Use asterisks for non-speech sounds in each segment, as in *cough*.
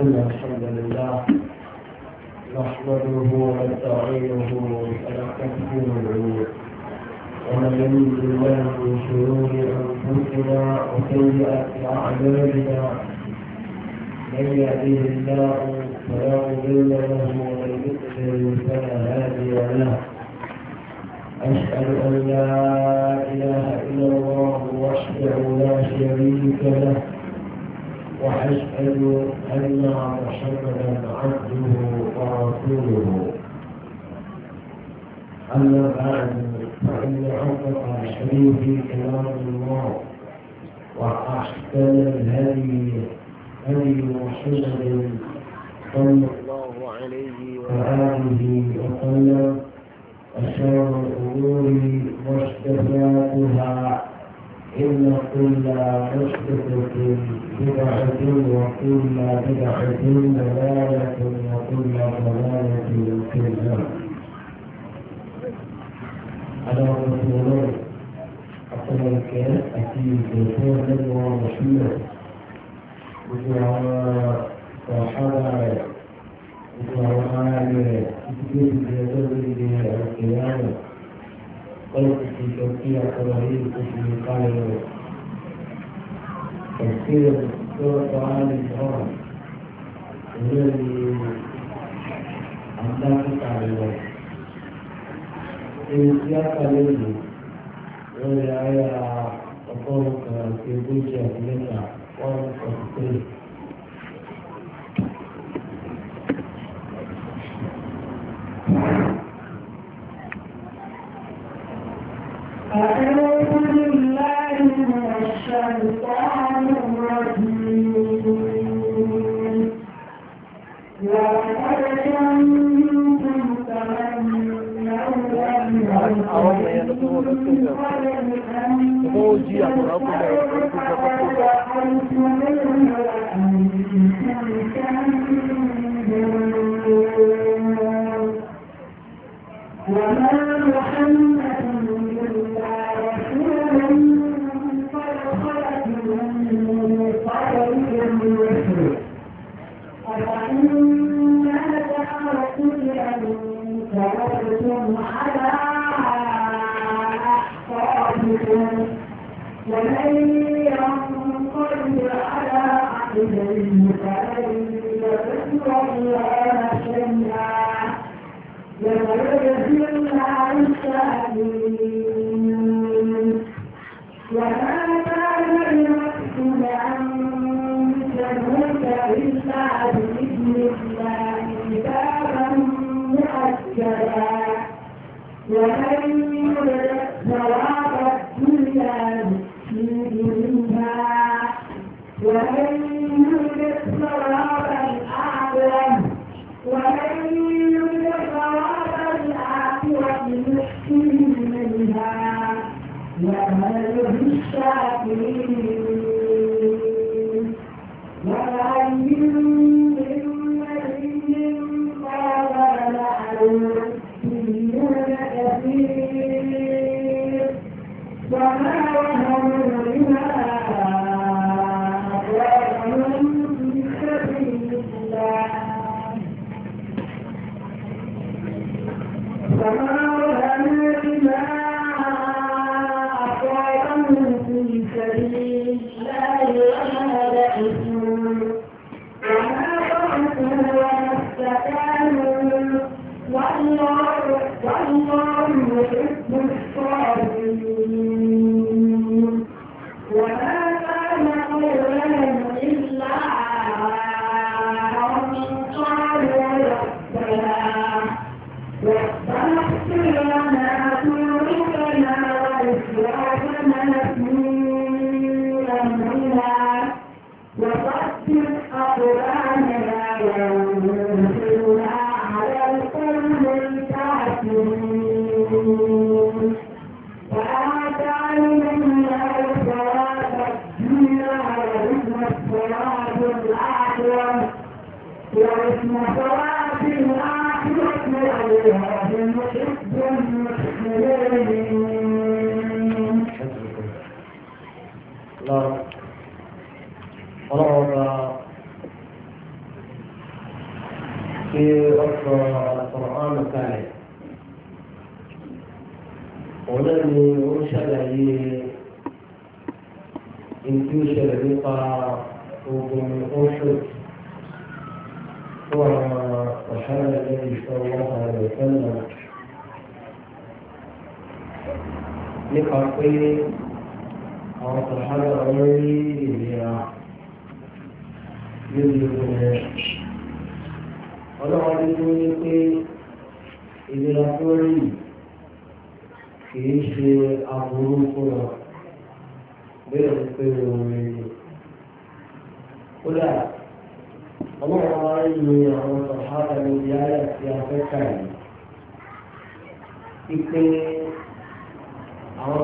إن الحمد لله نحمده ونستعينه ونستغفره ومن يريد بالله من شرور أنفسنا وسيئات أعمالنا من يهديه الله فلا مضل له ومن يضلل فلا هادي له أشهد أن لا إله إلا الله وحده لا شريك له وأشهد أن محمدا عبده ورسوله أما بعد فإن أصدق الحديث كلام الله وأحسن الهدي هدي محمد صلى الله عليه وآله وسلم وشر الأمور محدثاتها إن كل مشركة بدعة وكل بدعة ضلالة وكل ضلالة في النار. على رسول أقول لك أكيد بسبب ومشير وجعل صحابة وجعل آله يجب أن يدرك القيامة قلت في توقيع قوانين في قال تفسير سورة آل عمران الذي عمدت على الوقت في سياق الليل وهي آية وقولك في بوجه متى وقولك في أعوذ بالله من الشيطان كريم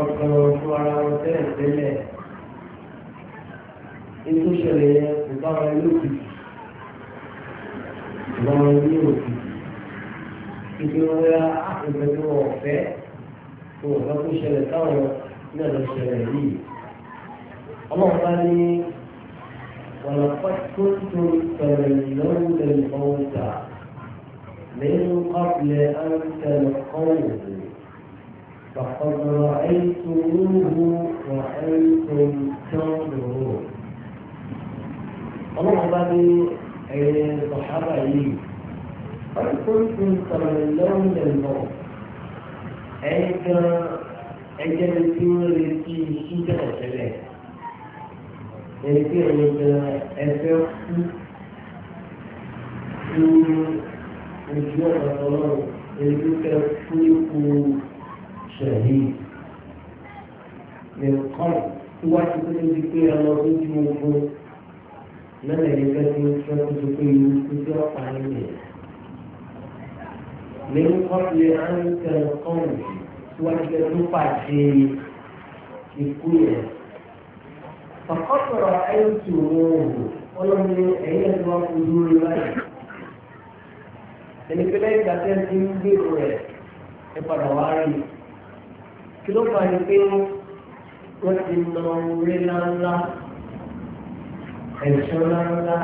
ọ̀dọ̀ fún ara wọn tẹ́lẹ̀ tẹ́lẹ̀ ní tó ṣẹlẹ̀ yẹn kò bá wọn lókè ìgbà wọn ní òkè ìgbà wọn yá àpẹẹrẹ tó wọn ọ̀fẹ́ tó wọn bá tó قبل أن تلقوه فقد رأيتموه وأنتم تنظرون الله عباد الصحابة لي قد كنت تولون الموت عند عند الفيل في شدة الشباب الفيل عند الفيل في الجوع والطلاب الفيل في شهيد من قبل واحد يقول لك يا الله انت موجود لما يجب ان تكون تتوقع من قبل ان تلقوني واحد يتوقع في الكويه فقد رايتموه ولم يعيد وحضور الله يعني كده كانت تنزل ẹ padà wá rí i kí ló fà ní pé wọ́n ti na orí ńláńlá ẹ̀ṣọ́ ńláńlá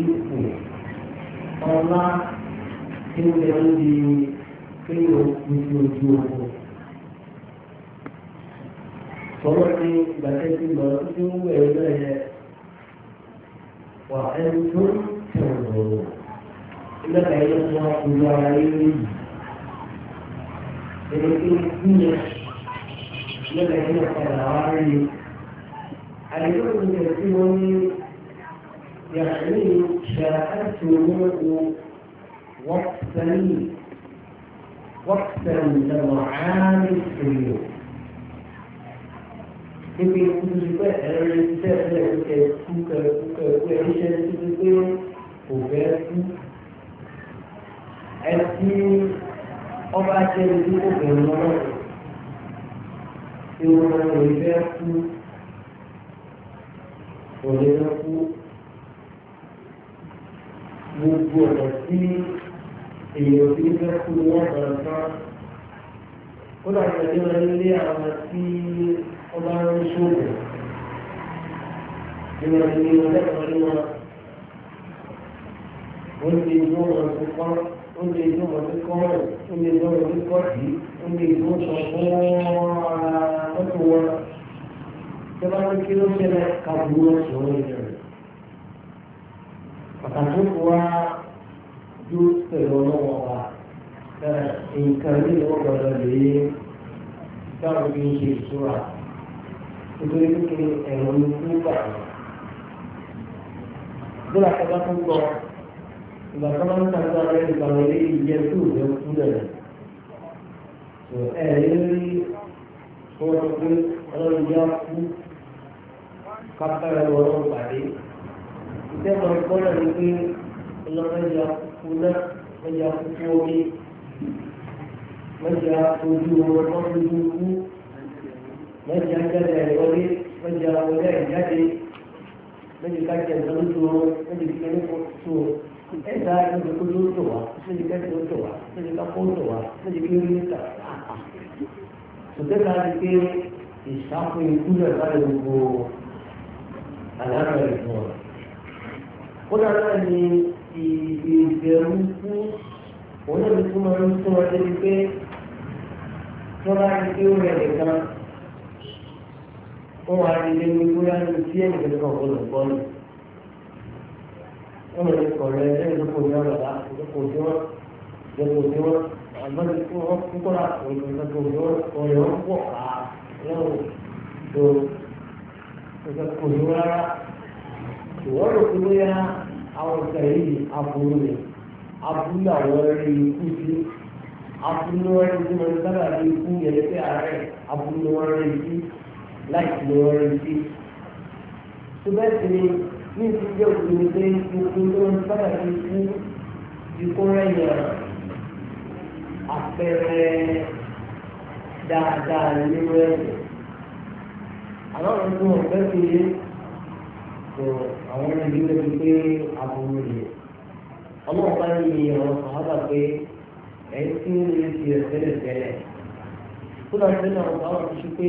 ipò ọlá tí ó lè ń di kéèyàn ojú ojú oko. Sọ̀rọ̀ ní ìgbàdé tí lọ sí owó ẹ̀rọ yẹ wà ẹni tó ń tẹ̀wọ̀. Ilé ẹ̀yọ́ wọn kò lọ ara yé lóyún. Èdè tí ó kú yẹn. yana yana farawa ne a yawan da wani يعني شاءت منه وقتا وقتا لمعاني السيوف Ibi ìkúndùkú ẹ̀rọ ìṣẹ́ ẹ̀rọ ìṣẹ́ kúkẹ́ kúkẹ́ kúkẹ́ iṣẹ́ títí pé kò fẹ́ kú. Ẹtí ọba jẹ́ ìdíkò bẹ̀rẹ̀ lọ́wọ́. tí wọ́n máa ń fẹ́ kú òmìnira kú gbogbo ọ̀nà tí èèyàn fi fẹ́ kú wọ́n máa ó dàgbà tí wọ́n lé àwọn tí wọ́n bá ń ṣòwò tí wọ́n lé wọn lẹ́kọ̀ọ́ ní wọn ó lè ní wọn tó kọ́ ó lè ní wọn tó kọ́ ó lè ní wọn tó kọ́ yìí níbi ń ṣe ìṣúra nítorí pé ẹ̀rọ tó ìjẹ́ tó rẹ̀ tó ẹ̀ rí wọ́n sọ pé ọlọ́run yá kú kápẹ́rẹ́ ọlọ́run pàdé iṣẹ́ máa ń kọ́ náà ni pé ọlọ́run yá kú náà wọ́n yá kú fún omi wọ́n yá ojú wọn wọ́n lójú kú wọ́n yá jáde ẹ̀rọ̀lé wọ́n ẹ̀dá ẹ̀dá kó ló tò wá síbi kẹ́kẹ́ ló tò wá síbi kápó tò wá síbi kí ló tà sọtẹ́ka ti pé ìṣàkó ikú báyìí gbogbo àlàáfíà ìfún ó dára ní ìbẹ̀rù kú òun náà ti máa ń sọ ọdẹ ni pé tí wọ́n bá ti pé ó rẹ̀ nìkan ó wà á di ní bóyá ní tí ẹnìkan kan kọ́ lọ́gbọ́n wọ́n lè sọ̀rọ̀ ẹ lẹ́yìn lóko ní ọ̀rọ̀ dá lóko tí wọ́n lóko tí wọ́n àgbẹ̀rẹ̀ tí wọ́n kú kọ́ra òyìnbó lóko tí wọ́n ọ̀rẹ́ wọn pọ̀ ká lẹ́wọ̀n sí ni ní ìdí jẹ́ òkúni pé gbogbo tó ń sábà ti kú ikú rẹ̀yìn àpẹẹrẹ dáadáa nínú ẹ̀rọ. àwọn ọ̀rọ̀ tó wọ́n fẹ́ fi yé kò àwọn ọ̀rọ̀ ìdílé ti pé aburú yìí. ọlọ́run bá ń yin ọ̀rọ̀ sàhábà pé ẹ̀yìn tí ń lè fi rẹ̀ tẹ́lẹ̀ tẹ́lẹ̀. kódà tẹ́lẹ̀ ọ̀rọ̀ sàhábà ti ṣe pé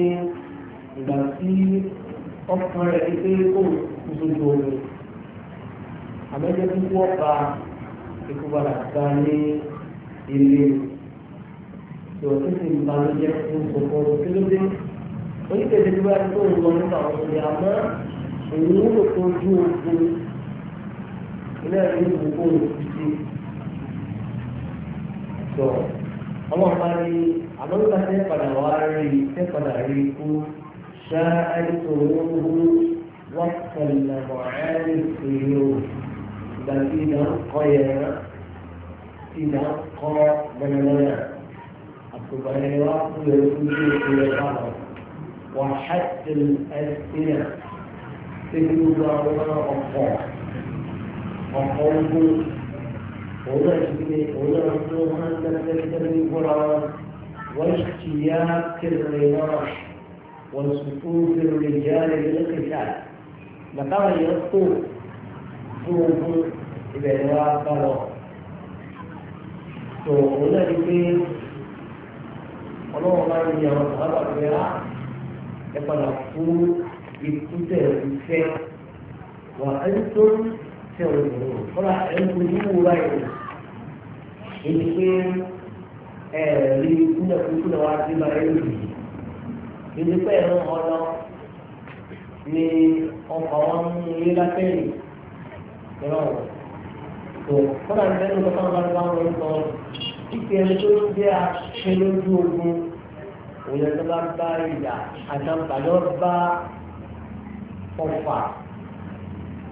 ìgbà tí ọkùnrin rẹ̀ ti pé kóòtù sójú omi àmẹ́jẹ́ tí wọ́n pa ikú padà gba ní ilé tó tó sì ń balùwẹ̀ fún kòkó kí ló dé oníkèdè tí wọ́n tó ń lọ nípa àwọn ọmọdé àmọ́ èyí ń lò tó ojú omi ilé ẹ̀rí ń kókó òkúti tó àwọn ọba ní àwọn padà wá rí tẹ́ padà rí ikú ṣáá ẹni tó ń وقت المعاني السيوف بل إذا قيا إذا قا بنانا الطبيعيات يكون في الغرب وحتى الأسئلة تجد ضرورة أخرى أقوم هنا هنا رسولها تكتب القرآن واشتياق الرياح وصفوف الرجال للقتال bàtàwọn èèyàn tó fún ibẹ̀ ni wọ́n á bá lọ. tó òun náà ni pé ọlọ́wọ́n máa ń yẹ àwọn sàlábà ẹ padà fún ikú tẹ̀ ìfẹ́ wà á ń tó tẹ̀ òyìnbó kọ́lá ẹ̀ ń bojú wò báyìí èyí pé ẹ̀ẹ́dì kúnlẹ̀kúnlẹ̀ wá sí máa ń lò yìí èyí pé ẹ̀rọ ọlọ́wọ́ ní ọkọ̀ wọn ní ilé látẹ̀yìn tó kọ́nà ìdẹ́nu lọ́kọ́ bá bá wọn sọ kíkẹ́ ẹni tó ń jẹ́ aṣẹ lójú ogun òyìnbó tó bá bá ìyà àtàǹtàlọ́ bá ọfà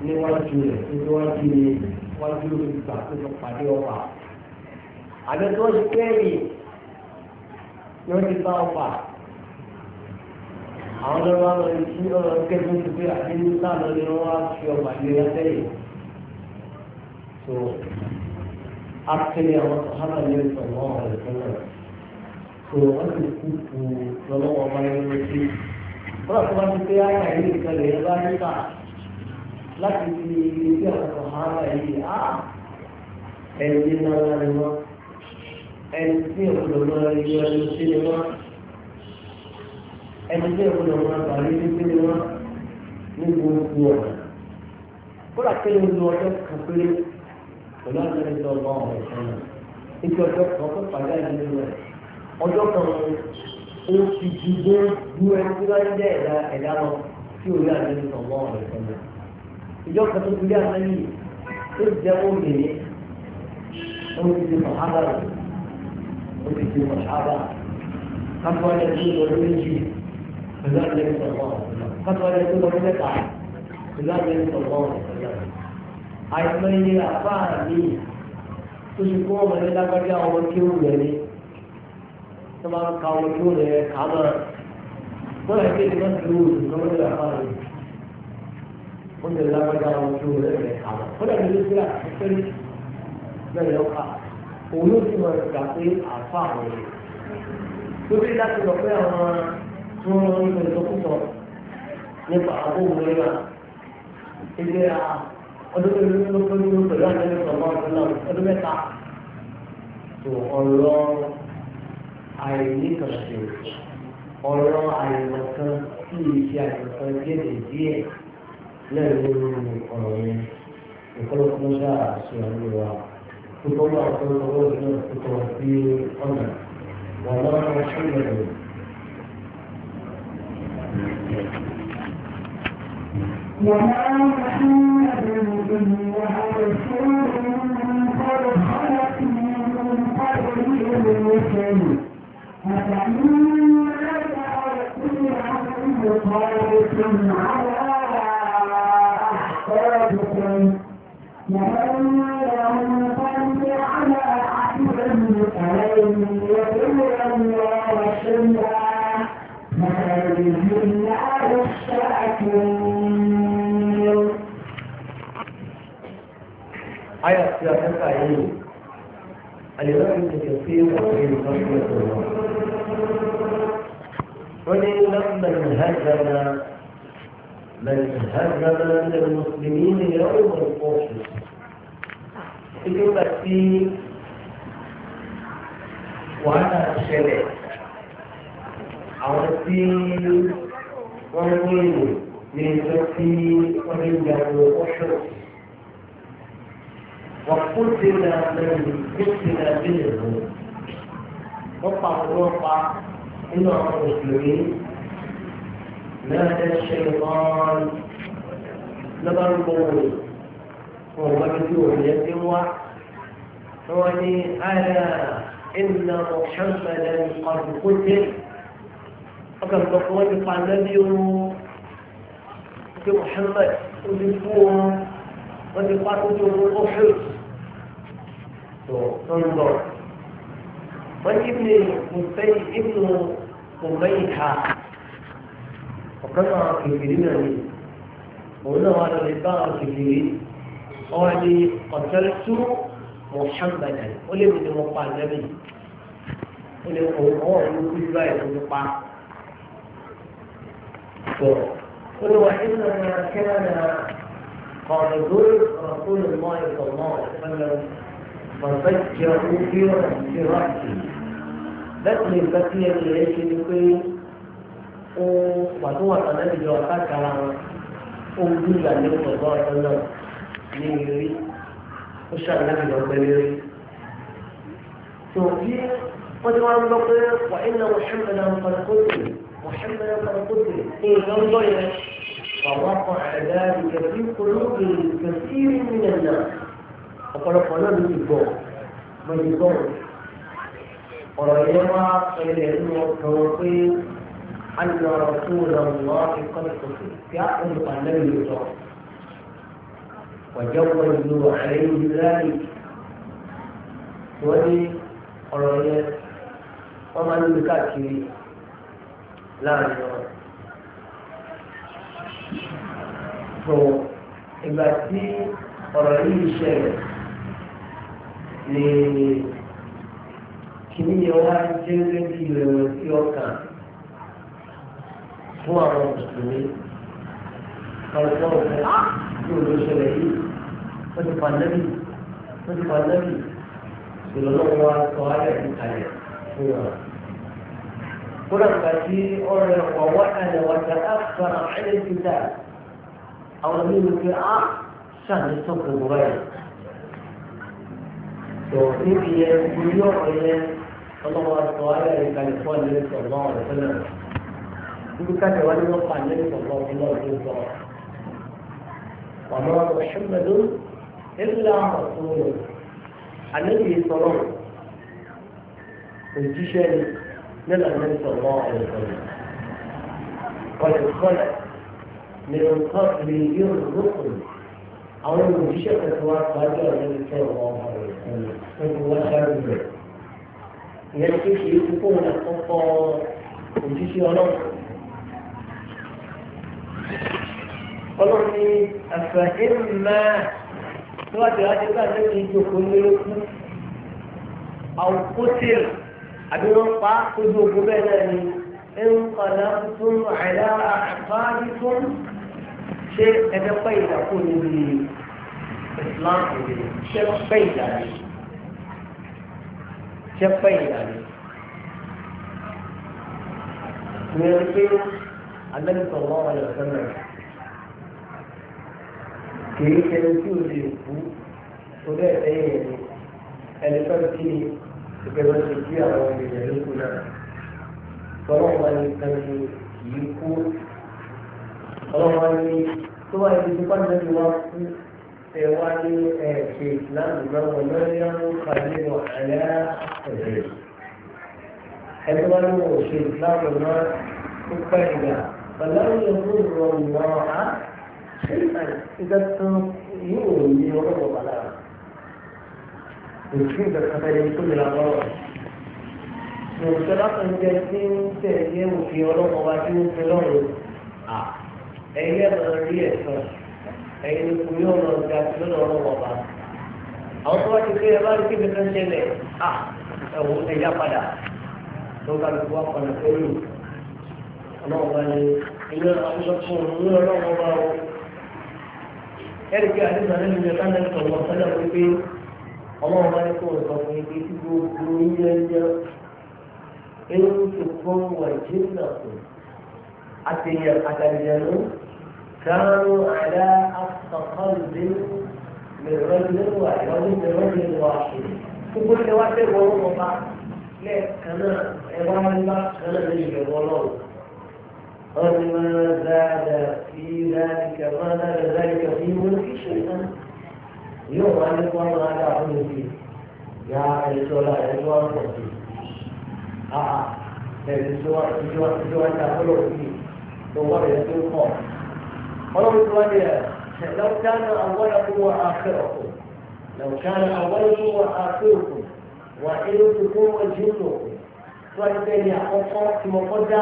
níwájú rẹ̀ níwájú rẹ̀ wájú rẹ̀ gbà tó lọ pàdé ọfà. àbẹ̀tọ́ ti kẹ́rì ni wọ́n ti bá ọfà àwọn tó máa ń lọ sí ọ̀rọ̀ kẹ́kọ̀ọ́ ti pé àdéhùn sáànà ni wọ́n á fi ọgbà ìlera sẹ́yìn. so akẹ́lẹ́ àwọn sọ̀hánà ní ìsọ̀rọ̀ wọn ọ̀rẹ́ fún wọn. so wọ́n ti kú kú lọ́wọ́ ọba ẹni sí. wọ́n àti wọ́n ti pé àyà yìí ìkẹlẹ̀ ẹ̀ bá níta láti fi ilé àwọn sọ̀hánà yìí á ẹni náà ni wọ́n ẹni tí ìpolówó ẹni tí èkó lọ máa gbà lórí pé wọn ní gbogbo ọ̀nà kódà kéde ń lo ọjọ́ kan péré pẹ̀lú àgbẹ̀rẹ̀ tó ọgbà ọ̀rọ̀ ìṣẹ́nà ibi ọjọ́ kan tó pàdé àgbẹ̀rẹ̀ rẹ̀ ọjọ́ kan ó fi ju gbogbo ẹni tí wọ́n ń dẹ́ ẹ̀dá ẹ̀dá lọ sí orí àgbẹ̀rẹ̀ tó ọgbà ọ̀rọ̀ ìṣẹ́nà ìjọ kan tó fi lé yìí tó jẹ́ òmìnir ومثل الصحابة ومثل pẹ̀lú àlẹ́ ìsọ̀rọ̀ kátó ẹni tó lọ́dún mẹ́ta pẹ̀lú àlẹ́ ìsọ̀rọ̀ àìmọye àfáà mi tó ṣe kó ọmọ ní lágbájá ọmọ kí ó rẹ̀ ni tó máa ń ka ọmọ kí ó rẹ̀ kà á máa wọ́n rẹ̀ kéde náà ti lóòrùn tó wọ́n rẹ̀ àfáà mi wọ́n rẹ̀ lágbájá ọmọ kí ó rẹ̀ rẹ̀ kà á máa wọ́n rẹ̀ lóòrùn sílẹ̀ àfẹ́rí bẹ́ẹ̀ lọ́ka òun ló sì máa gbà pé àfáà rẹ̀ lórí láti lọ pé àwọn tí wọ́n lọ nípa nípa àbúrò rẹ̀ ilé a ọdún tó ní ló pé nínú pẹ̀lú àtẹ́lẹ̀ sọ̀rọ̀ ọdún náà ọdún mẹ́ta tó ọ̀rọ̀ àìní kan ṣe ọ̀rọ̀ àìmọ̀ kan tí ìṣe àìmọ̀ kan díẹ̀ díẹ̀ náà ló ń ọ̀rọ̀ yẹn ìkọlọ́kọ́ ṣáà ṣe àlùwà. كتب أصول الغرب كتب في الأمر ولا محمد وما محمد إلا رسول قد خلت من قبله الرسل أفإن لك عنه طائف على أحقابكم ومن ينقلب على عقله فلن يضر الله شيئا aya tí a fẹ́ ká yìí àlèrè ń tètè sí ọ̀pọ̀ ìlú lọ́sọ̀rọ̀ wọn. wọ́n ní lọ́sọ̀rọ̀ ìhàjàmà ìhàjàmà ní mùsùlùmí ní àwọn tí wọ́n ní èrò ní ìjọ tí wọ́n ní ìyàwó ọ̀ṣọ́. wọ́n kó tẹ̀lé àlẹ́yìn tó tẹ̀lé àbẹ̀yẹ̀ rẹ̀. wọ́n pa àwọn pa nínú àwọn òṣèré náà ẹ̀ ṣe ìmọ̀ràn lọ́ba ń bọ̀ wọ̀ wọ́n wá ní bí òun yẹn ti wá. wọ́n ní àyà إن محمدا قد قتل ọkàn sọ fún wọn ti pa nẹ́bí oorun pé Muhammad ó ti kú oorun wọ́n ti pa tó tó oorun ó fẹ́ tó tó ń lọ. wọ́n ti ní mùsẹ́yì ìbùnú òmẹ́yì ha ọ̀kan náà kìkìrì náà ni òun náà wà lórí bá kìkìrì ọ̀wá ni ọ̀tẹ́lẹ̀ tú Muhammad ó lé mi ni mo pa nẹ́bí ó lè kó ọwọ́ òun kú báyìí ló ti pa. قل وإنما كان قال قائدون رسول الله صلى الله عليه وسلم ففجروا في رأسه لكن بقي العيش لكي وهو الذي جوافاك أمدولا من الله صلى الله عليه وسلم وشاء النبي الكبير توفيه قد وعن بقي وإن محمدا قد قتل محمدا قد قتل انظر الى فوقع ذلك في قلوب كثير من الناس وقال قلوب الجبور ما يجبور ورأيما قيل إنه التوقيت أن رسول الله قد قتل يأخذ عن النبي يجبور وجوزوا عليه ذلك ولي قرأيت ومن بكاته láàrin ọ̀rọ̀. tó ìgbà tí ọ̀rọ̀ yìí ṣẹlẹ̀ ni kìnìyàn wá jẹ́ lẹ́bí ìrẹ̀wẹ̀sì ọkàn fún àwọn mùsùlùmí ọ̀sán ọ̀fẹ́ tí ó lọ ṣẹlẹ̀ yìí wọ́n ti pa nẹ́bí wọ́n ti pa nẹ́bí ìlọ́lọ́wọ́ wa sọ ayé àti fún wọn. هناك في أعرف ووعد وتأخر عن الكتاب أو لم يكن شهر الصبح المبين وفي كل يوم الله تعالى كان يقول لك الله عليه وسلم يقول كان يقول يوقع الله عليه وسلم وما محمد إلا رسول النبي صلى الله عليه وسلم نبقى النبي الله عليه وسلم قد خلق من قبل الرسل أو من شقة وقت الله عليه وسلم فهو خير يكفي يكون القطة وتشي ونصر ọlọ́run ní àfẹ́hìn máa tó wá ti wá ti أبنون فأخذوا ببدني إن قلبتم على أحفادكم شيء هذا قيد أقول لي إسلام شيء قيد شيء قيد من الكل النبي صلى الله عليه وسلم كيف يمكن أن يكون هناك أي شيء gẹ́gẹ́ bá ṣe kí àwọn ènìyàn yókù náà ọlọ́wọ́ ní kanjú kìí kú ọlọ́wọ́ ní tó bá ibi tó bá nàbí wá kú ẹ wá ní ẹ ṣe ìsìláàmù náà wọn lórí àwọn kàlẹ́ wọn àlẹ́ àpẹẹrẹ ẹni wá ní wọn ṣe ìsìláàmù náà ó pẹ́ ìgbà ọlọ́wọ́ ìrọ̀rùn náà á ṣe ìgbà tó yóò ní ọlọ́wọ́ bàlá kò sí ìgbàkàtà ẹni tó lè lọ́wọ́ rẹ̀. Ìròyìn lásán jẹ tí ń tẹ̀lé òfin ọlọ́run wa tí ń fi lọ́rùn. Ẹ̀yin ẹ̀ máa rí ẹ̀sán. Ẹ̀yin kò ní ọ̀nà ọ̀gá tí lọ́nà ọlọ́run ọba. Àwọn tó wá ti pé ẹ bá rí kí nìkan ṣẹlẹ̀ ẹ̀wọ̀n ẹ̀yà padà. Lọ́gbà ló wá padà pẹ̀lú. Ọlọ́run wa ni ilé àkóso fún òun ní ọlọ́run ọba o. Ẹ̀rì kí àdéhùn àdéhùn ìjọba náà sọ̀rọ̀ ọlọ́run bá ní kó o sọ fún ibi tí gbogbo ilé ẹjẹ ewu ti kún wà jìnnà kù àtẹ̀yẹ àtàlẹ́yẹnu kánú àdá àtàkọ́lùdé mẹrẹ́lẹ́wò àyọ̀lú mẹrẹ́lẹ́wò àṣẹ. gbogbo ilé wa tẹ̀ wọ́n wọn bá lẹ́ẹ̀kan náà ẹ̀wá wọn bá kan náà lè yẹ̀ wọ́n lọ́wọ́. ọ̀rọ̀ ni wọ́n zá dà sí ìdáríkà wọ́n zá dà sí ìdáríkà fún ìwọ́n fi ṣe náà. yóò wá ní kí wọ́n máa dá fún mi sí ya ẹni tó la ẹni tó wá ń pọ̀ sí àà ẹni tó wá ti wá ti wá dá fún lọ sí tó wá ẹni tó pọ̀ ọlọ́run tó wá ní ẹ̀ لو كان أولكم وآخركم لو وجنكم فإنني أقول كما قد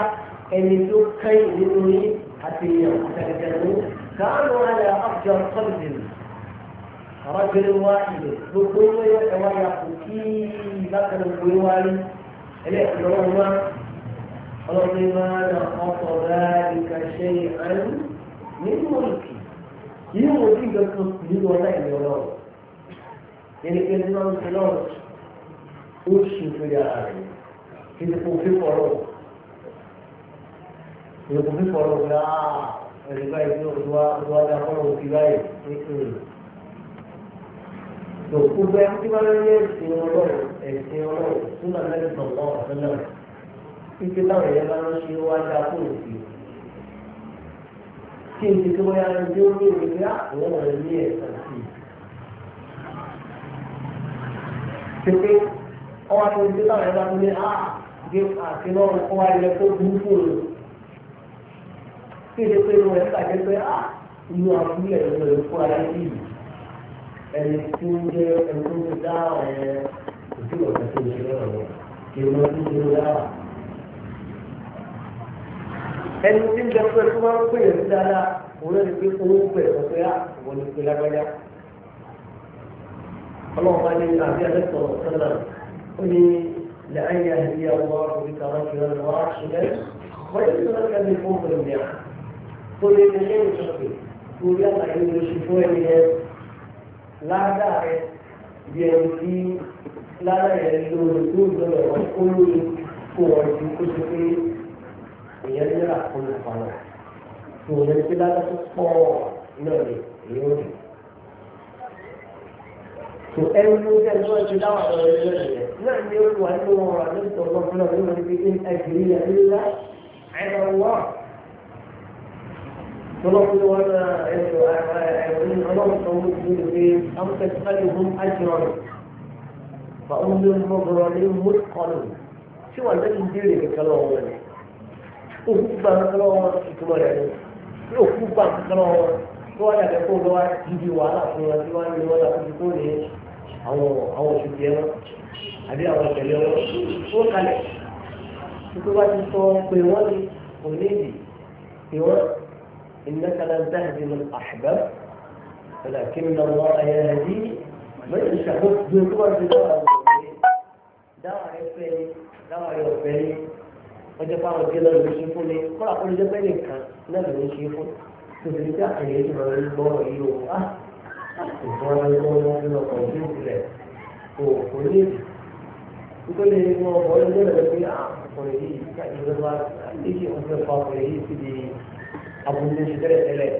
ẹni tó kẹ́yìn nínú yín àti ìyàn àtẹ̀kẹ̀kẹ̀ ló kàánù àlẹ́ رجل واحد بقوة ويقوكي لكن القواري إليه الرغم ربما نقص ذلك شيئا من ملكي يوم دي بكتب من ولا يراه يعني كلمة الخلاص أرشي في العالم في الكوفي فروق في الكوفي فروق لا الرباية دي أخوة أخوة أخوة أخوة أخوة tó gbogbo ẹni tí wọ́n lé ẹ̀sìn ọlọ́run ẹ̀sìn ọlọ́run súnà lẹ́yìn tọ̀tọ̀ ọ̀sán náà títí táwọn èèyàn bá ń ṣe wá dá fún òsì kí n ti tó bóyá ẹni tí ó ní ìrìnlẹ̀ àwọn ọ̀rẹ́ ní ẹ̀sán sí i. pépé ọwọ́ àti títí táwọn èèyàn bá ń lé á gé àti lọ́rùn kọ́ wá ilẹ̀ tó burú fún òun. kí n ti pé inú ẹ̀ ń tàgé pé á ah, inú àbúlẹ̀ ló ẹni tí ń jẹ́ ẹni tó ń dá ẹ̀ ojú ọ̀gá tó ń ṣe lọ́rọ̀ rẹ̀ kí o máa tún ṣe dára. ẹni tí ń jẹ pé tó máa ń pè é sí dáadáa òun náà ni pé owó pè é pé á wọ́n ní pé lágbájá. ọlọ́run bá ní àbí àlẹ́sọ̀ sọ́nà ó ní لأن يهدي الله بك رجلا واحدا ويسر لك من فوق النعم. قل إن شيء شقي قل يلا إن شفوني láàdá rẹ̀ bí ẹni tí láàdá rẹ̀ lórí tó lọ́wọ́ ẹ̀wọ̀n kó lórí kó wọ́n ti kó ṣe pé èèyàn ní ra kó lè pamọ́ tó lè ṣe láàdá tó pọ̀ náà lè yóò rí. tó ẹni tó jẹ́ ẹni tó ti dáwà lọ́wọ́ ẹni lọ́wọ́ rẹ̀ náà ni ó wà nínú ọ̀rọ̀ àti ìtọ́gbọ́n fúnra nínú ibi ẹ̀jẹ̀ ìyá ونقول وما ونقول أم تسألهم أجرا فأمر مغرم مثقل شو أنا ندير بكلامه أخبر كلامه كما يعني أخبر كلامه tó wáyà bẹ kó lọ́wọ́ ibi wàhálà fún wa tí wọ́n ní wọ́n lọ́wọ́ kó lè àwọn àwọn oṣù jẹ wọn àbí àwọn ìṣẹ̀lẹ̀ wọn tó kalẹ̀ tó bá ti sọ pé wọ́n ní òní ìdì pé wọ́n. إنك لن تهدي من أحباب ولكن الله يهدي من شخص في بطور داعي فيني داعي فيني وجفا وكذا بشيفوني قل أقول جفا لك نبي نشيفو تدريك أحيات من البوئي وأه وقال يقول في القوضين كذلك وقلت وكل اللي يقول هو اللي يقول لك يا قلت لي كأي غزار ليش يقول لك فاطري في دي àbùkù lè ṣe tẹ́lẹ̀ tẹ́lẹ̀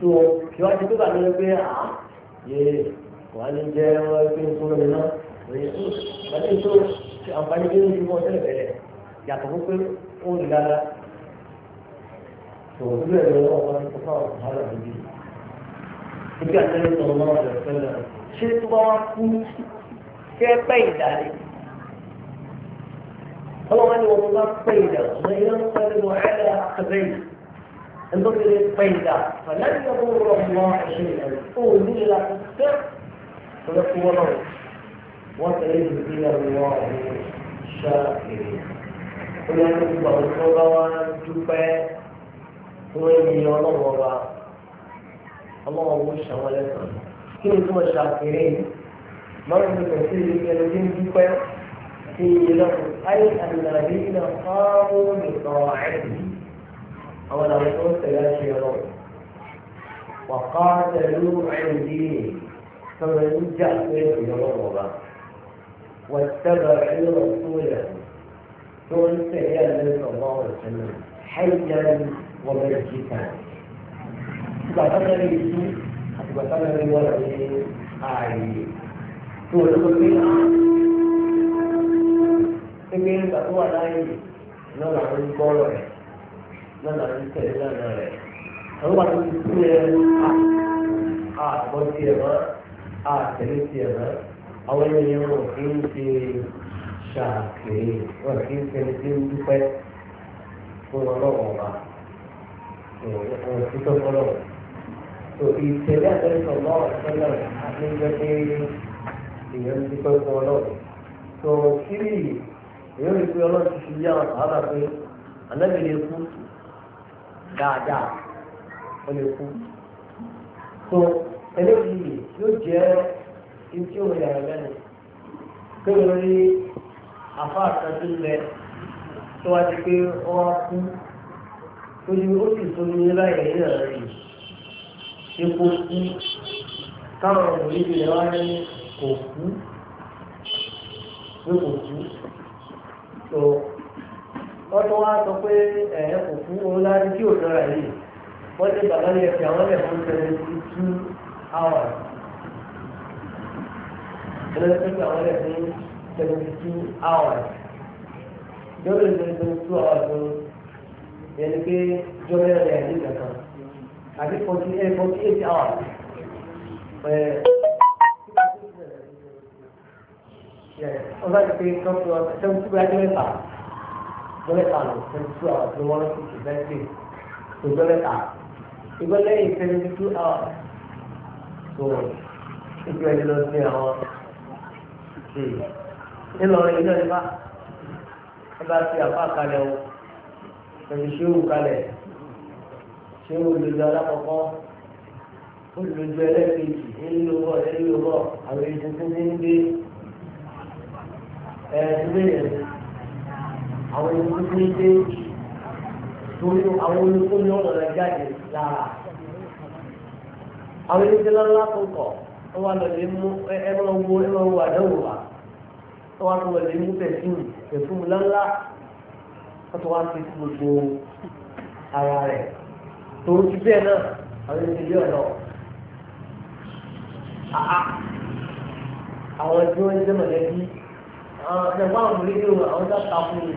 so ìwádìí tó bá mi lọ pé à ah, yé wàá ní jẹ́ wọ́n pé ń hmm, fún mi náà rèé ń bàtẹ́ ń tó àǹfààní pé ń fi mọ́ tẹ́lẹ̀ tẹ́lẹ̀ yàtọ̀ fún pé ó ń dára tòun tó lè lọ ọmọ ní kókó àwọn ọ̀hánà níbí níbi àtẹ́lẹ̀ tó ń lọ́wọ́ rẹ̀ fẹ́lẹ̀ ṣé tó bá wá kú ṣé pẹ́ ìdálé ọlọ́wọ́ ni wọ́n bá pẹ́ ìdá ọ̀nà ìyá ń pẹ́ nínú انظر إلى الفيدة فلن يضر الله شيئا قول لا فيقول له إلى الله الشاكرين ولكن بالصلاة والجبة هو يوم الله الله مش ولد كل هو شاكرين مرة كثير يلزم جبة في له أي الذين قاموا بطاعته أو أنا ثلاثة يوم وقاتلوا عن فمن جاء فيه يوم واتبعوا رسوله ثم سيئا صلى الله عليه وسلم حيا وميتا تبعتنا ليسوع تبعتنا لورده أعلي تقول لي إني لا نرى من قوله lọ́nà ń tẹ̀lé lọ́nà rẹ̀ àwọn wà tó ti tún ẹ a àbọ̀ tiẹ̀ mọ́ a tẹ̀lé tiẹ̀ mọ́ àwọn ènìyàn wọn kì í ṣe ṣàkèrè wọn kì í ṣe ẹni tí ń dúpẹ́ fún ọlọ́wọ́n wa òun ti tó fọlọ́wọ́ tó ìtẹ̀lé àtẹ̀lẹ́sọ̀ lọ́wọ́ sọ́lọ́ àtẹ̀lẹ́jọ́ pé èèyàn ti pẹ́ fún ọlọ́wọ́ tó kírì èèyàn rí pé ọlọ́run ti fi yá àwọn àbá pé ànábìrì dáadáa ó lè kú so eléyìí yóò jẹ́ ibi òun yàrá lẹ́nu pé lórí àfáà kan tó lẹ tó wá di pé ó wá kú ó ní ó sì tó ní láyé náà rí epo kú káwọn ọmọ yìí lè wá ní kò kú pé kò kú so wọ́n tó wá sọ pé ẹ̀ẹ́ kò fún owó láti tí ò dára yìí wọ́n ti bàbá ní ẹ̀fẹ̀ àwọn ẹ̀fọ́ ń tẹ̀lé sí two hours ẹ̀lẹ́ tó ti àwọn ẹ̀fọ́ ń tẹ̀lé sí two hours yóò lè tẹ̀lé sí two hours tó yẹn ni pé jọ́mọ́ ọ̀sán ti pé kọ́ńtù ọ̀sán tó ń kú bí ajọ́ dọ́lẹ́ta lọ twenty two hours ni wọ́n lọ́sùn tó bẹ́ẹ̀ pè tó dọ́lẹ́ta ìgbẹ́ lẹ́yìn twenty two hours tó ìgbẹ́ ẹni lọ sí àwọn hmm. ńlọrọrin ilé ọ̀nìfà ẹ bá fi àpá kalẹ̀ o pẹ̀lú ṣéwù kalẹ̀ ṣéwù lójú alákọ̀ọ́kọ́ ó lójú ẹlẹ́ẹ̀kejì ńlọ bọ̀ ńlọ bọ̀ àwọn èyí tuntun ti ń gbé àwọn ewu tó ń dé torí àwọn olùkọ́ ní rẹ̀ jáde lára àwọn ewu tó ń lá kọ̀ wọ́n wá lọ lè mú ẹ wo ẹ wo àdánwò wa wọ́n wá tó lọ lè mú pẹ̀fúmù pẹ̀fúmù lánlá wọ́n tó wá fi gbogbo ara rẹ̀ torí ti bẹ́ẹ̀ náà àwọn ewu tó ń àwọn tí wọ́n ń jẹ́ mọ̀lẹ́bí àwọn ẹ̀fọ́ àwọn olùkọ́ àwọn tó ta kú ni.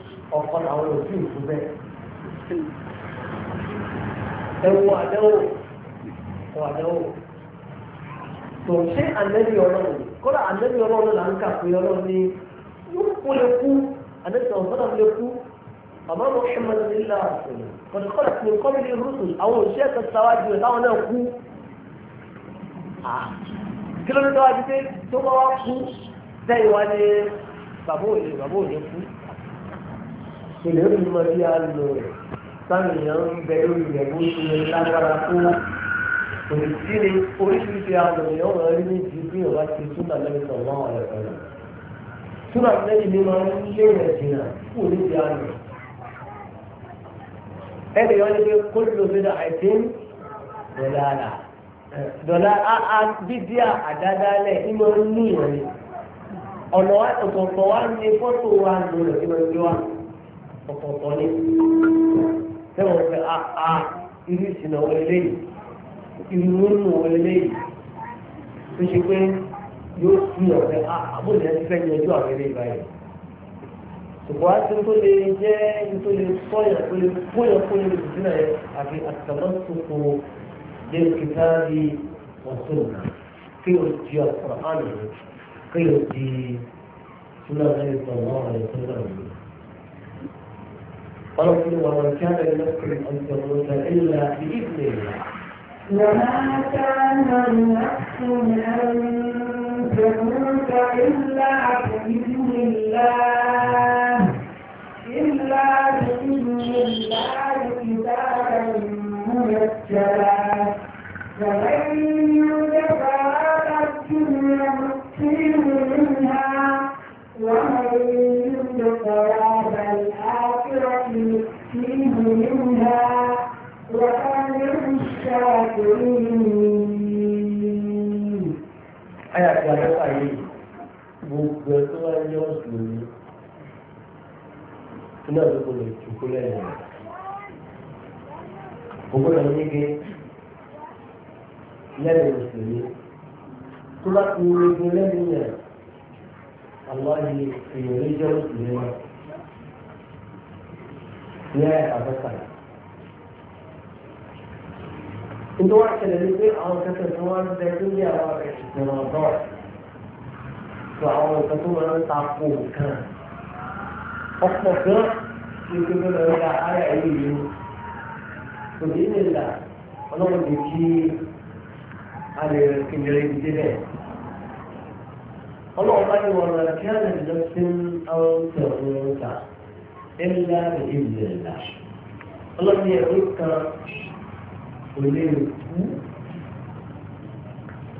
ọ̀kan làwọn yóò fi ìlú bẹ́ẹ̀. ẹ wo àdánwò ẹ wo àdánwò. tó ṣé ànẹ́bí ọlọ́run kọ́lá ànẹ́bí ọlọ́run là ń kà pé ọlọ́run ní yóò lè kú ànẹ́bí ọ̀sán lè kú àmọ́ Muhammad nílá kọ́lá kọ́lá kìí kọ́ mi ní rúṣù àwọn òṣìṣẹ́ kan sáwájú ẹ̀ táwọn náà kú. kí ló ń tọ́wájú pé tó bá wá kú sẹ́yìn wá ní bàbá òde bàbá òde kú. ìlú yìí mọ bí a lò rẹ̀ sáwọn èèyàn ń bẹ lórí rẹ̀ bó ṣe lè lágbára tó òrìṣì ni oríṣiríṣi àwọn èèyàn wọn rí ní ju bí ìwà ti túnà lẹ́yìn sọ̀rọ̀ wọn rẹ̀ rẹ̀ túnà lẹ́yìn ọ̀tọ̀ọ̀tọ̀ ni sẹ́wọ̀n pé àà irú ìsìnà wọlé irú nínú wọlé tó ṣe pé yóò fi ọ̀fẹ́ ah, àbóyá ti fẹ́ yanjú àwọn ilé ìbáyìí ṣùgbọ́n àti tó lè jẹ́ tó lè sọ́yà tó lè fóyà fóyà lè dùn náà àti àtàmọ́sọ̀kọ̀ jẹ́ kíkà bí ọ̀tún kí o di ọ̀pọ̀ àná kí o di súnà náà ìtàn náà náà قالوا ومن كان لنفسه أن تموت إلا بإذن الله وما كان النفس أن تموت إلا بإذن الله إلا بإذن الله كتابا مرتبا فمن يتفاءل الدنيا نؤتيه منها ومن منها وأمر الشاكرين أنا أتكلم عليه gbogbo ẹ̀tọ́ wa yẹ ọsùn ní iná àdúgbò lè ẹ̀ àwọn àyè èèyàn lè ní àbẹ́ta yìí. Nítorí wá ṣẹlẹ̀ ní pé àwọn kẹsẹ̀ tí wọ́n ń bẹ tó ní àwọn ìṣẹ̀lẹ̀ ọ̀dọ́ tó àwọn nǹkan tó máa ń ta kó nǹkan. Ọ̀pọ̀ gan ti ń gbé lọ ya ara ẹ̀yìn yìí. Kò ní lè là ọlọ́run lè kí a lè kìnìún ibi Ọlọ́run bá ní wọn lọ kí á lè lọ sí àwọn ìṣẹ̀lẹ̀ ọ̀dọ́ ẹ̀lá ìlú ẹ̀lá ọlọ́ni ẹ̀rí kan kò lè kú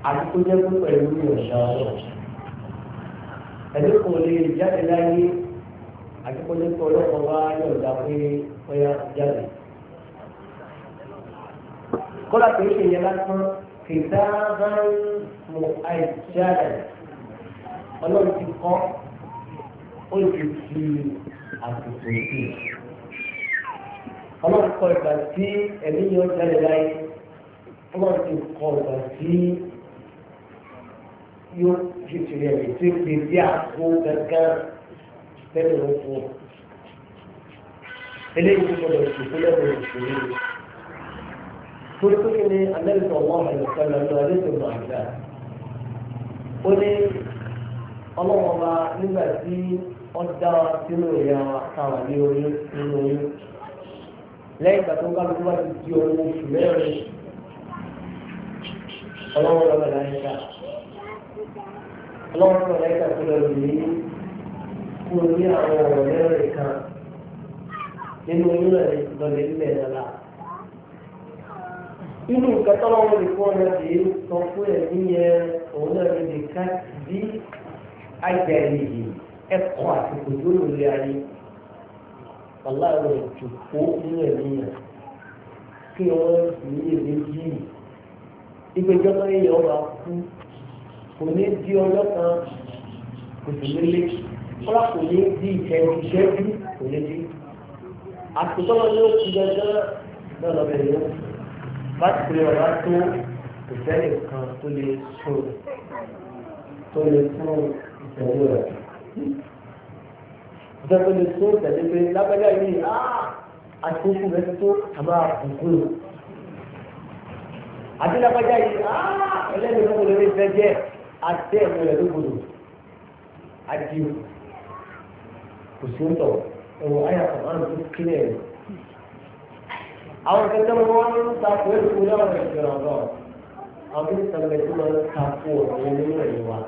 àti kó jẹ́ pé pẹ̀lú ìrọ̀lá ọ̀rọ̀ ẹ̀rí kò lè jáde láyé àti kó jẹ́ pé ọlọ́pàá wá yọ̀ọ̀dá pé ọya jáde kọ́lá kò ṣe yẹ lásán kìtàbá mu àìjáde ọlọ́run ti kọ́ ó ti fi àsìkò yìí. ọlọ́run kọ ìgbà tí ẹ̀mí yóò jáde láyé ọlọ́run ti kọ ìgbà tí yóò fi tìrì ẹ̀mí tí ó fi bí àpò gángan tẹ́lẹ̀ ló fún un. eléyìí gbọdọ̀ ṣùkú lẹ́nu ìṣòro torí ni anẹ́lẹ́sọ̀ wọn àyọ̀kọ́ lọ́dọ̀ ẹlẹ́sọ̀ náà gbà. ó ní ọlọ́wọ́n bá nígbà tí ọ̀dá wa sínú ìyá wa táwa ní oyún nínú oyún lẹ́yìn ìgbà tó ń kálukú bá ti di ohun oṣù mẹ́rin ọlọ́wọ́ lọ́wọ́ láyíká ọlọ́wọ́ lọ́wọ́ láyíká tó lọ rí kú ní àwọn ọ̀rọ̀ mẹ́rin kan nínú oyún rẹ̀ lọ́lẹ̀ nílẹ̀ lọ́la inú nǹkan tó lọ́wọ́ lè fún ọ̀nà tí sọ fún ẹ̀mí yẹn òun náà lè ká bí àjẹ́ yìí ẹ̀kọ́ àti kòjú lórí ayé aláàárọ̀ ìjòkó inú ẹ̀mí yẹn kí wọ́n ní èdè yìí ìgbẹ́jọ́ náà yẹ ọba kú kò ní di ọjọ́ kan kò sì lélé kọ́lá kò ní di ìkẹyìn ìṣẹ́jú kò ní di àtúntò wọn ló kú gẹ́gẹ́ náà lọ́bẹ̀ yẹn bá ti pè ọ̀rá tó kò sẹ́yìn kan tó lè sùn tó lè fún ìṣẹ̀wó rẹ̀ ìjọba lè tó tẹ̀lé pé lágbájá yìí ah, àtúntò rẹ̀ tó àmà àbùkù àti lágbájá yìí ah, ẹlẹ́nu tó lórí fẹ́ jẹ́ àti ẹ̀mí rẹ̀ lóbodò àti kò sí ń tọ̀ ẹ̀wọ̀ ayà kan máa ń tó kílẹ̀ rẹ̀ àwọn kẹkẹ mọ wọn ń ta kó èkó náà rẹ̀ jọ̀rọ̀ náà àwọn kẹkẹ mọ wọn ń ta kó ọ̀rọ̀ yẹn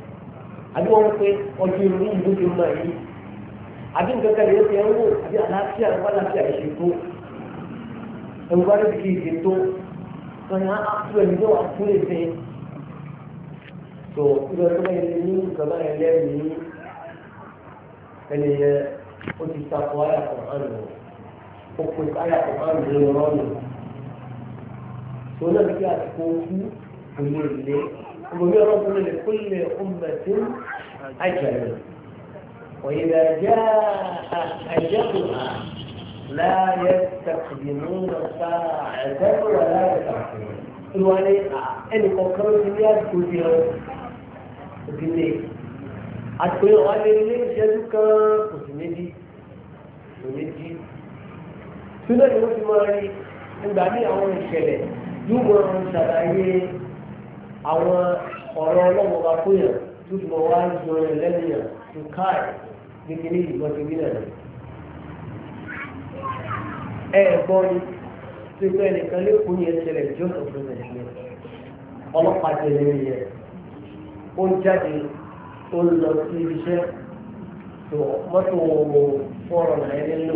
àbí wọ́n pe ọjọ́ ìlú ìlú ti mọ èyí àbí nǹkan kan lè ṣe ń wò àbí àlàáfíà ẹ̀kọ́ àlàáfíà ẹ̀ ṣe tó ẹ̀wù bá rẹ̀ kì í ṣe tó sọ̀rọ̀ àpò ẹ̀ níwọ̀ àpò lè ṣe tó ìlú ọ̀sán bá yẹn ní nǹkan bá yẹn lẹ́yìn ẹni yẹn ó ti sàkó ayàtọ̀ hàn ó pe ayàtọ̀ hàn lọ rọ́ọ̀nù tó náà kí àtìkó kú kò lè lé ومن ربنا لكل أمة أجل وإذا جاء أجلها لا يستقدمون ساعة ولا يتأخرون الوالي أن يفكروا في مياه كثيرة بالليل أتقول غالي الليل شدك كثمدي كثمدي سنة يوم تماري إن بعدين أول يوم أن شبعيه àwọn ọ̀rọ̀ ọlọ́run ọba fún yàn tó fi mọ̀ wá yọ ẹ lẹ́nu yàn tó káì kékeré ìbọn ti rí náà ẹ gbọ́ ni tó gbẹ́ nìkan lẹ́kọ̀ọ́ yẹn ṣẹlẹ̀ jọ́sọ̀ fún nàìjíríà ọlọ́pàá jẹ lẹ́yìn yẹn ó jáde ó lọ sí iṣẹ́ tó mọ́tò fọ́ọ̀rọ̀ náà ẹni lò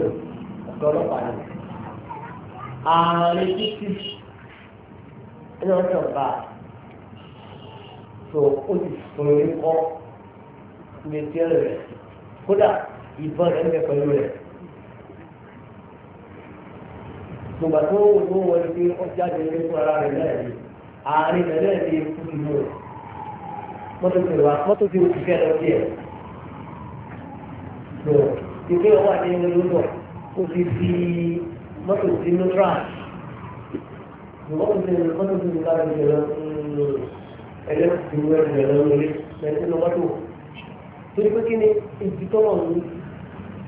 ọ̀dọ́ ọlọ́pàá ni ààrẹ títí ẹni wọ́n sọ̀ bá a tó ó ti sùn ní kọ́ ní tiẹ̀rẹ̀ rẹ̀ kódà ìbọn rẹ̀ ń bẹ pẹ̀lú rẹ̀ gbogbo àti owó tó wọlé pé ó jáde ní fún ara rẹ̀ náà yìí àárín rẹ̀ náà yìí kú ìlú rẹ̀ mọ́tò ti wá mọ́tò ti oṣù kẹlẹ́ ọtí ẹ̀ tó ìpín ọwọ́ àti ẹni lọ́dọ̀ ó ti fi mọ́tò ti nùtúrà mọ́tò ti mọ́tò ti nùtúrà ti lọ ẹ̀rẹ́ ti wú ẹ̀rẹ́ ẹ̀rẹ́ lórí ẹ̀rẹ́ lọ́wọ́ tó torí pé kí ni ibi tọ́lọ̀ ń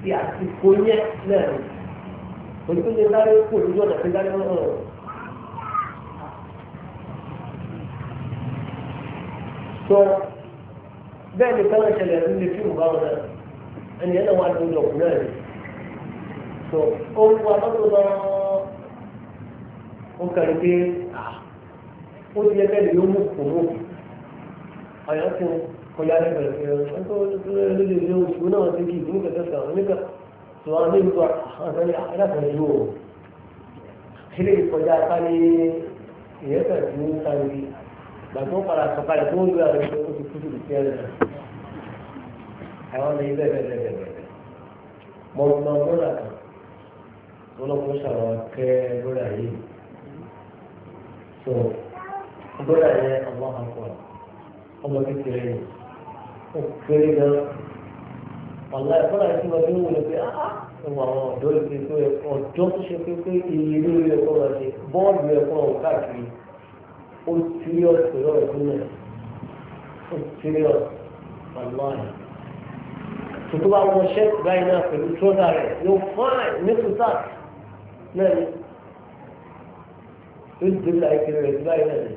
ti àsìkò yẹn náà òní tó lè sáré kó lójú ọ̀nà tó sáré náà sọ bẹ́ẹ̀ ni kọ́lá ìṣẹ̀lẹ̀ ń lè fíìmù báwọn náà ẹni ẹ̀ náà wà lójú ọ̀kùnrin náà ni sọ ohun wa lọ́dún náà ó kàrí pé ah, ó ti ẹgbẹ́ lè yóò mú òun àyàn tí kò yá lẹ́gbẹ̀ẹ́ rẹ̀ ẹ̀rọ tó lóde ilé oṣù náà ti kì í ní kẹ̀kẹ́ tó wà ní ìlú àtàlẹ́ àdàkùnrin yìí o kílé ìkọjá sáré ìyẹ́fẹ̀ tí ń sáré gbàgbọ́ padà sọ̀kalẹ̀ tó ń lò àwọn ẹgbẹ́ tó ti kú sí ìfẹ́ rẹ̀ àwọn ọmọ ilé bẹ̀rẹ̀ bẹ̀rẹ̀ mọ ọmọ bọ́lá kan tó lọ́kọ́ sàrọ̀ kẹ́ bọ́lá yìí tó bọ́lá yẹn ọmọ ọmọ kékeré ni ó kéré gan ọ̀la ẹ̀fọ́ náà ti wọ́n ti ń wọlé pé áá ẹ̀wọ̀n àwọn ọ̀dọ́ lè fi tó ẹ̀kọ́ ọ̀dọ́ tó ṣe pé pé iye lórí ẹ̀kọ́ wọn ṣe bọ́ọ̀lù ẹ̀kọ́ wọn káàkiri ó tírí ọ̀sẹ̀ lọ́rọ̀ ìpínlẹ̀ ó tírí ọ̀sẹ̀ ọ̀láì tuntun bá wọn ṣẹ́ báyìí náà pẹ̀lú trọ́dà rẹ̀ yóò fáìn ní sùtà náà ni ó ti dé láì kiri rẹ̀ báyìí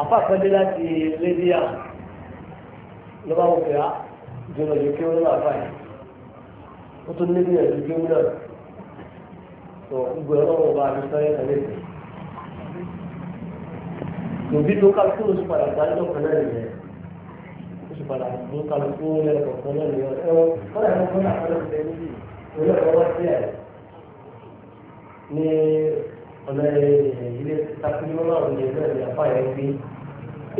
apa láti lébíà ló bá wọ́n á jọlọ ju kí wọ́n lọ àfà ó tún lébíà ju kí wọ́n lọ tó gbogbo ẹ̀rọ wọn bá àti sọ́yẹ́ náà lébì. lòbí tó kálukú ló sì padà náà nìyẹn padà tó náà nìyẹn ẹ̀wọ̀n kọ́lá ẹ̀rọ kọ́lá ọ̀nà ilé takilé náà ní ẹgbẹ́ rẹ̀ apá yẹn gbé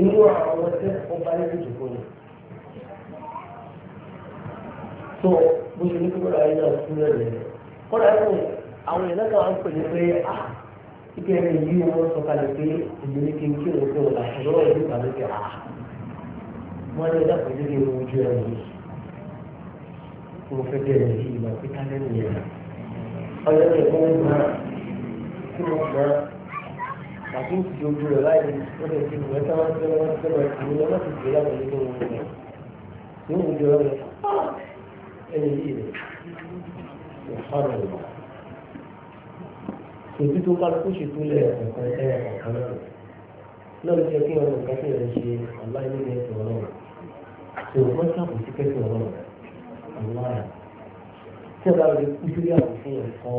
inú àwọn ẹgbẹ́ ọba yẹn tó kọ́ ni. tó bó ṣe ní kí wọ́n ráyé náà fún ẹ̀rẹ̀ rẹ̀ kọ́ra ẹ̀kọ́ àwọn èèyàn náà ń pè ní pé a ah, ike ẹni yìí wọ́n sọ kalẹ̀ pé èmi ní kí n kí òun pé òun àti lọ́wọ́ ìlú ìgbà lókè a wọ́n ní ẹ̀dá kí n ojú ẹ̀ ní mo fẹ́ bẹ́ẹ̀ ní ìgbà pé kálẹ́ nìyẹn ọ̀yọ́ tí mo mọ tàbí ń tó bá ọ̀kan ẹ̀yà kọ̀ọ̀kan náà náà ló jẹ́ kí wọn nǹkan tí ìrìn ṣe aláìní ní ẹ̀sìn ọlọ́run tó wọ́n sábò sí kẹ́sìn ọlọ́run aláìní tí a rẹ̀ kú sílé àwòfin ẹ̀kọ́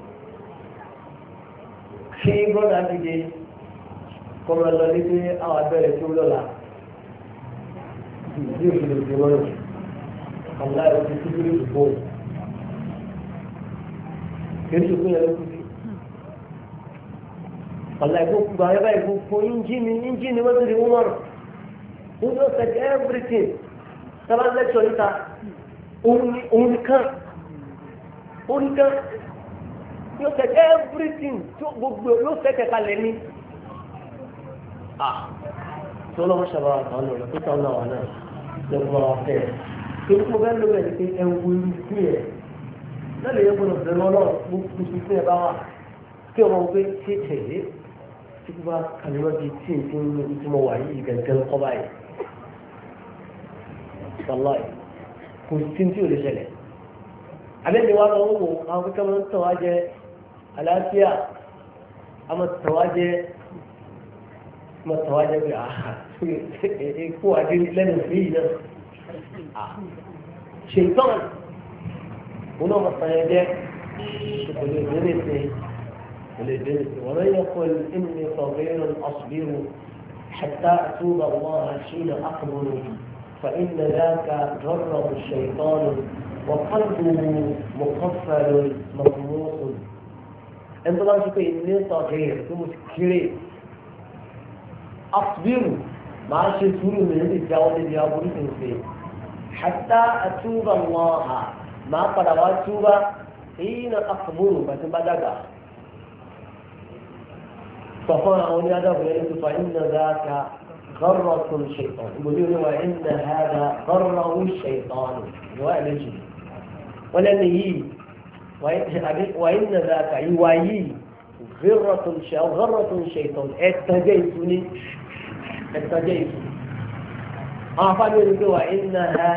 kí bọ́dà dìde kọ́mọ lọ ní pé àwọn abẹ́rẹ́ tó lọ́la bí o ṣe lè fi wọ́n àwọn láì fi kí lórí ìbò kéṣù fún yẹn lókùn sí. Ọ̀la ìgbókùn gbà yẹn báyìí gbogbo injini injini wọ́n ti di wọ́n rọ̀. Wọ́n yóò fẹ́ everything sábà lẹ́tọ̀ níta òun nìkan òun nìkan yóò tẹ everything tó gbogbo yóò tẹ̀tẹ̀ kalẹ̀ ní. tó lọ́wọ́ sábà kan lọ lọ́kọ́ tó náà wà náà lọ́kọ́ wa fẹ́ tó kó bẹ́ẹ̀ ló bẹ̀rẹ̀ pé ẹ wo irú kú yẹ lọ́lẹ̀ yẹ gbọ́dọ̀ bẹ̀rẹ̀ lọ́wọ́ gbogbo sí fún ẹ bá wà kí ọmọ gbé ṣe tẹ̀lé tí kò bá kàlùmọ́ bíi tí n ti ń lójú tí mo wà yìí gẹ̀gẹ́ kọ́ báyìí. wàláì kò sí tí ò lè ṣẹlẹ̀ abẹ́ni wa lọ́wọ́ àwọn akẹ́kọ̀ọ́ máa ń tàn wá jẹ àlàáfíà a máa tẹ̀wá jẹ́ máa tẹ̀wá jẹ́ pé ikú adé lẹ́nu sí yìí náà ṣèǹtàn òun náà máa sàn yẹn jẹ́ kò lè dé lè ṣe kò lè dé lè ṣe wọ́n lè kọ́ ẹni ní sọ̀rọ̀ ọ̀ṣùbírù حتى أتوب الله حين أقبل فإن ذاك جره الشيطان وقلبه مقفل مطموس انت بقى شوف انت صغير في مشكله اصبر ما عادش تقول ان انت تجاوب يا حتى اتوب الله ما قد اتوب حين اصبر بس بدقه فقال اولي هذا فان ذاك غرة الشيطان يقول لي وان هذا غره الشيطان وأنا جي. ولا نهيب wàyí nàdà àkàyí wáyé gírọ̀tún ṣètò ẹ̀tàjẹ́ ìtúni ẹ̀tàjẹ́ ìtúni. àwọn afáàní ẹni pé wàyí nàdà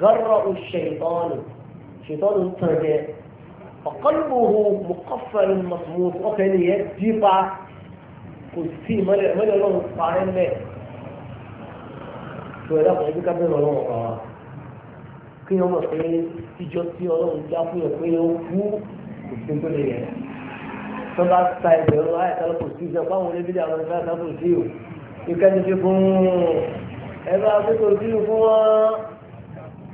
gírọ̀tún ṣètọ́nù ṣètọ́nù ń tàjẹ́ ọ̀kọ́lùmùhù mùkọ́fẹ́rin mọ̀tòmùtò ọ̀kẹ́ ni yẹn dípa kò sí ìmọ̀lẹ̀ ọlọ́run parẹ́ mẹ́. tó ẹ̀dá kan ẹbí ká bẹ̀rẹ̀ ọlọ́run kan kí wọ́n mọ̀ pé ìjọ tí ọlọ́run já fún yẹn pé ó kú kò sí tó lè yẹ. tó bá ta ẹgbẹ̀rún àìsàn kò sí ìjọ fáwọn oníbílẹ̀ àwọn ìfẹ́ àìsàn kò sí o ìkẹ́ni ti fún un ẹ bá fi kò sí fún wọn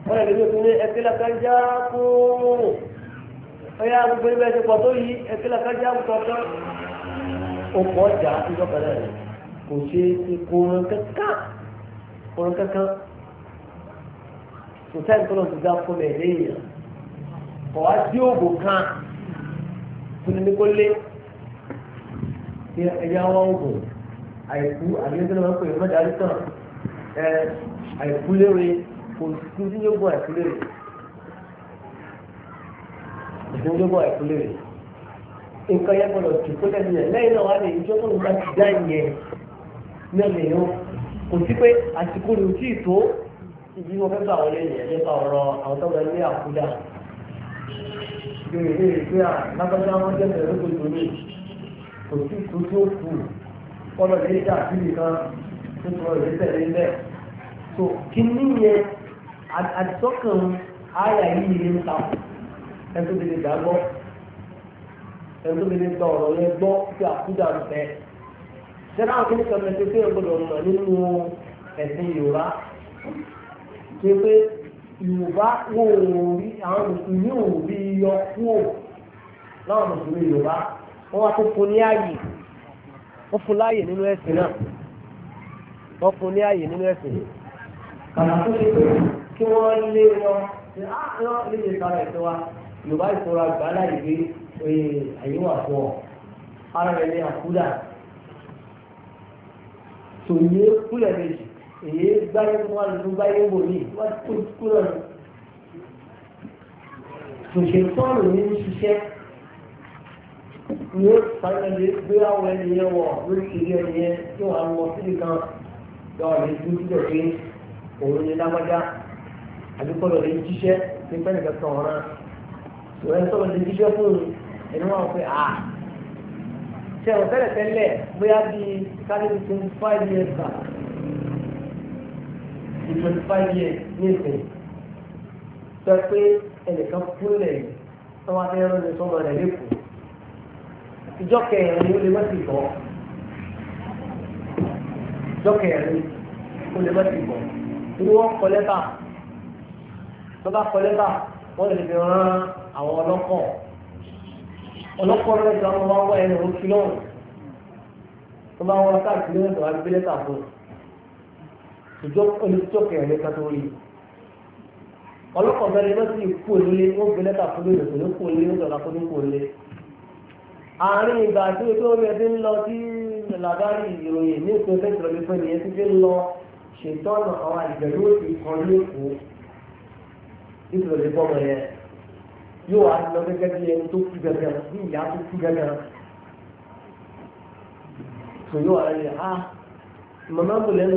wọ́n lè lè fún ẹgbẹ́ lákájá fún ọyá gbogbo ẹgbẹ́ ẹsẹ̀ pọ̀ tó yí ẹgbẹ́ lákájá pọ̀ tó ó pọ̀ jà ìjọba náà kò ṣe é kò sẹ́ni tó lọ ti dá fún ẹ̀ léèyàn kọ̀ wá sí oògùn kan tó ní kó lé ẹ̀yà wọn oògùn àìkú àbíyẹ́sẹ́ ló máa ń pè é mọ́tàlí tán ẹ̀ àìkú léwe kò sí ní oògùn àìkú léwe ìdúnlógún àìkúlé rẹ̀ nǹkan yẹn gbọdọ̀ tù kó lẹ́nu rẹ̀ lẹ́yìn náà wà ní ìjọ tó ń bá ti dá ìyẹn náà lè yọ kò sí pé àsìkò rẹ̀ ò tí ì tó ibi wọn fẹ́ bá wọn lé yẹn nípa ọ̀rọ̀ àwọn tó wọlé ní àkúdà ìbéèrè léèrè à lágbájá wọn jẹ́ bẹ̀rẹ̀ lóko lórí kò sí kú kù kọ́lọ̀ lè dà sí nìkan tó tọrọ lè tẹ̀lé lẹ̀ tó kí yẹn àdìsọ́kàn àyà yìí ní ta ẹni tó lè dà gbọ́ ẹni tó lè gba ọ̀rọ̀ yẹn gbọ́ sí àkúdà rẹ̀ sẹ́dá àwọn kìnnìkan mẹ́tẹ́ẹ̀ẹ́ gbọ́dọ̀ mọ̀ nínú ẹ̀sìn Yorùbá ṣe pé yorùbá wo rí àwọn mùsùlùmí òun rí yọ kúò láwọn mùsùlùmí yorùbá wọn wá tó fún ní ààyè wọn fún láàyè nínú ẹ̀sìn náà wọn fún ní ààyè nínú ẹ̀sìn kàlà tó ṣe pé kí wọn lé wọn ṣe á lọ lè lè wa yorùbá ìfura gbà láì gbé àyè wà fún ọ ara rẹ ní àkúdà tòun kúlẹ̀ méjì èyí báyé wọn lu báyé wò ní kúrò ní. tòṣe fọ́ọ̀nù ní ń ṣiṣẹ́ ní sàmìlì gbé àwọn ẹnìyẹn wọ̀ lórí ìrírí ẹnìyẹn tí wọ́n á lọ síbi kan lọ́wọ́ lè dúró síbẹ̀ pé òun ni lágbájá àdúgbọ́dọ̀ lè jíṣẹ́ ní pẹ́ẹ́nìkan kan ọ̀ràn ìwé sọ̀rọ̀ lè jíṣẹ́ fún ẹni wọn pé à ṣe àwọn tẹ́lẹ̀ bóyá bíi káàdì twenty five years back di twenty five years ní ìsìn sọ pé ẹnìkan kúnlẹ̀ tó wá fẹ́ rán ní sọ́mọ rẹ̀ lẹ́kọ̀ọ́ ìjọ kẹrin ni ó lè má ti bọ̀ ìjọ kẹrin ó lè má ti bọ̀ irú wọn kọ lẹ́tà tó bá kọ lẹ́tà wọ́n lè fi rán àwọn ọlọ́kọ̀ ọlọ́kọ̀ lọ́wọ́ ìjọba wọn wá ẹnu òkú lọ́wọ́ tó bá wọn káàkiri ọ̀dọ̀ àgbélẹ́tà fún un ìjọ olùtọ́kẹ̀ rẹ̀ ká tó rí ọlọ́pàá mẹ́rin náà sì kú òlé ó gbé lẹ́tà fún mi lòdì ó kú òlé ó dọ̀la fún mi kú òlé àárín ìgbà tí o tó rí ẹbí ń lọ sí làbárí ìròyìn ní ìpín fẹ́tìrọ ní fún ìyẹn títí ń lọ ṣètọ́nà àwọn ìgbẹ̀rú òsì kan lẹ́kọ̀ọ́ nítorí òlé bọ́mọ yẹn yóò wá lọ gẹ́gẹ́ bí ẹni tó kú gẹ́gẹ́ bí ìyá tó kú gẹ́gẹ́ tòyó àárẹ̀ ah màmá kò lẹ́nu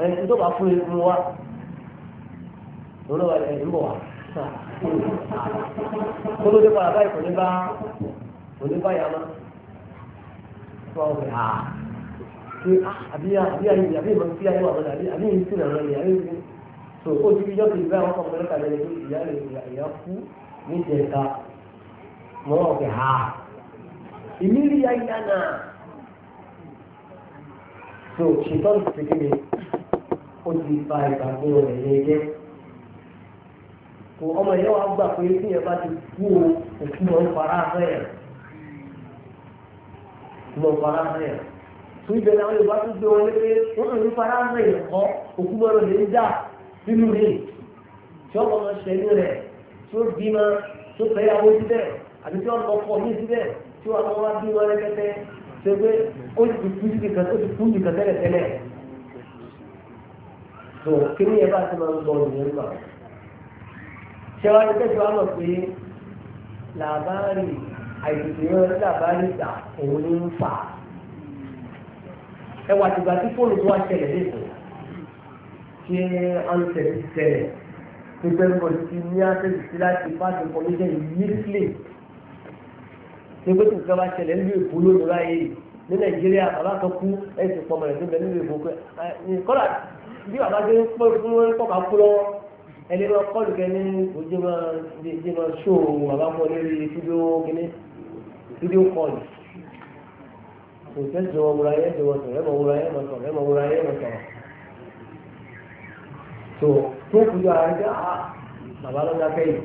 ẹni tó bá fún irun wa olówó ẹni ń bọ̀ wá kólódé padà báyìí kò ní bá kò ní bá yàrá fún ọ̀hún ẹ̀ hà ah, pé ah, àbí àbí ìmọ̀ sí ayé wà lọ́dà àbí àbí sí ìrànlọ́ ni àbí ìyẹn so ó ti fi jọ́ kejì báyìí wọ́n kọ́ ọmọdé kàlẹ́ ẹni ìyá rẹ̀ ìyá kú ní ìjẹta mọ́ ọ̀kẹ́ hà ìmírí ayé náà so ṣètọ́nù ti kéde ó ti fa ìgbàgbọ́ rẹ̀ yẹn jẹ́ kò ọmọ yẹn wàá gbà pé bí yẹn bá ti kú o òkú lọ ń fara rẹ̀ lọ fara rẹ̀ tó ibẹ̀ làwọn Yorùbá tún gbé wọn lépe wọn ń fara rẹ̀ kọ́ òkú lọ́rọ̀ lè ń dà nínú rẹ̀ tí ọmọ náà ṣẹlẹ̀ rẹ̀ tí ó bí ma tó fẹ́yàwó síbẹ̀ àti tí ọmọ ọkọ ní síbẹ̀ tí ọmọ wa bí wọn rẹ̀ ṣe pé ó ti kú sí kẹtẹ́lẹ̀ tẹ́lẹ̀ tó kíní ẹ bá ti máa ń gbọ́ ìyẹn gbà ṣẹwàá tẹsí wa mọ̀ pé làbárì àìsèkè wọn làbárì gbà òun ń fà ẹ wà tìgbà tí fóònù tó wá ṣẹlẹ̀ lẹ́kọ̀ọ́ ṣé àǹtẹ̀ ti ṣẹlẹ̀ pípẹ́ ń bọ̀ sí ní àǹtẹ̀ sí láti fáṣọ kọ́míṣẹ́ yìí sílẹ̀ nígbà tí nǹkan bá ṣẹlẹ̀ ń lé ìpolówó ráyè yìí ní nàìjíríà bàbá kan kú ẹ̀sìn pọ̀ mọ̀lẹ́sìn bẹ́ẹ̀ nínú ìbò pé kọ́lá bí bàbá ṣe ń pọ̀ fún wọn pọ̀ máa kú lọ́wọ́ ẹni máa kọ́lù kẹ́ ní ojú máa ṣó bàbá pọ̀ lórí fídíò kìíní fídíò kọ́lù kò tẹ́ jọ wura yẹn jọ sọ̀rọ̀ ẹ̀ mọ̀ wura yẹn mọ̀ sọ̀rọ̀ ẹ̀ mọ̀ wura yẹn mọ̀ sọ̀rọ̀ tó tó kú yọ àrẹ ah, bàbá lọ́jà kẹ́yìn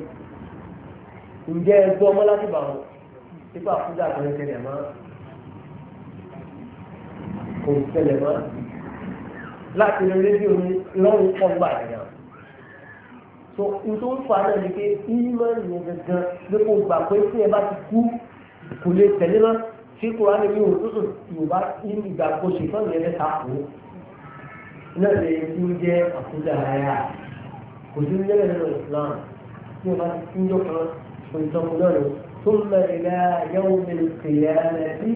ǹjẹ́ ẹgbẹ́ ọmọ láti bà wọn nípa kò ṣẹlẹ̀ mọ́ láti rédíò ní lọ́rùn pọ̀ gbà so nítorí fa náà ni pé ìmọ̀ ìyẹn gangan ló kó gbà pé tí ẹ bá ti kú kò lè tẹ̀lé mọ́ tí kúránì mi ò tó tó yorùbá ìgbà kó ṣe fún ìyẹn lẹ́ta kù náà lè ti ń jẹ́ àkójọ ara kò sí ní ẹ̀rọ nínú Islam tí ẹ bá ti kú jọ kan kò ní sọ fún náà lọ tó ń lọ ìlà yẹ́wò mi kìlẹ̀ ẹ̀ sí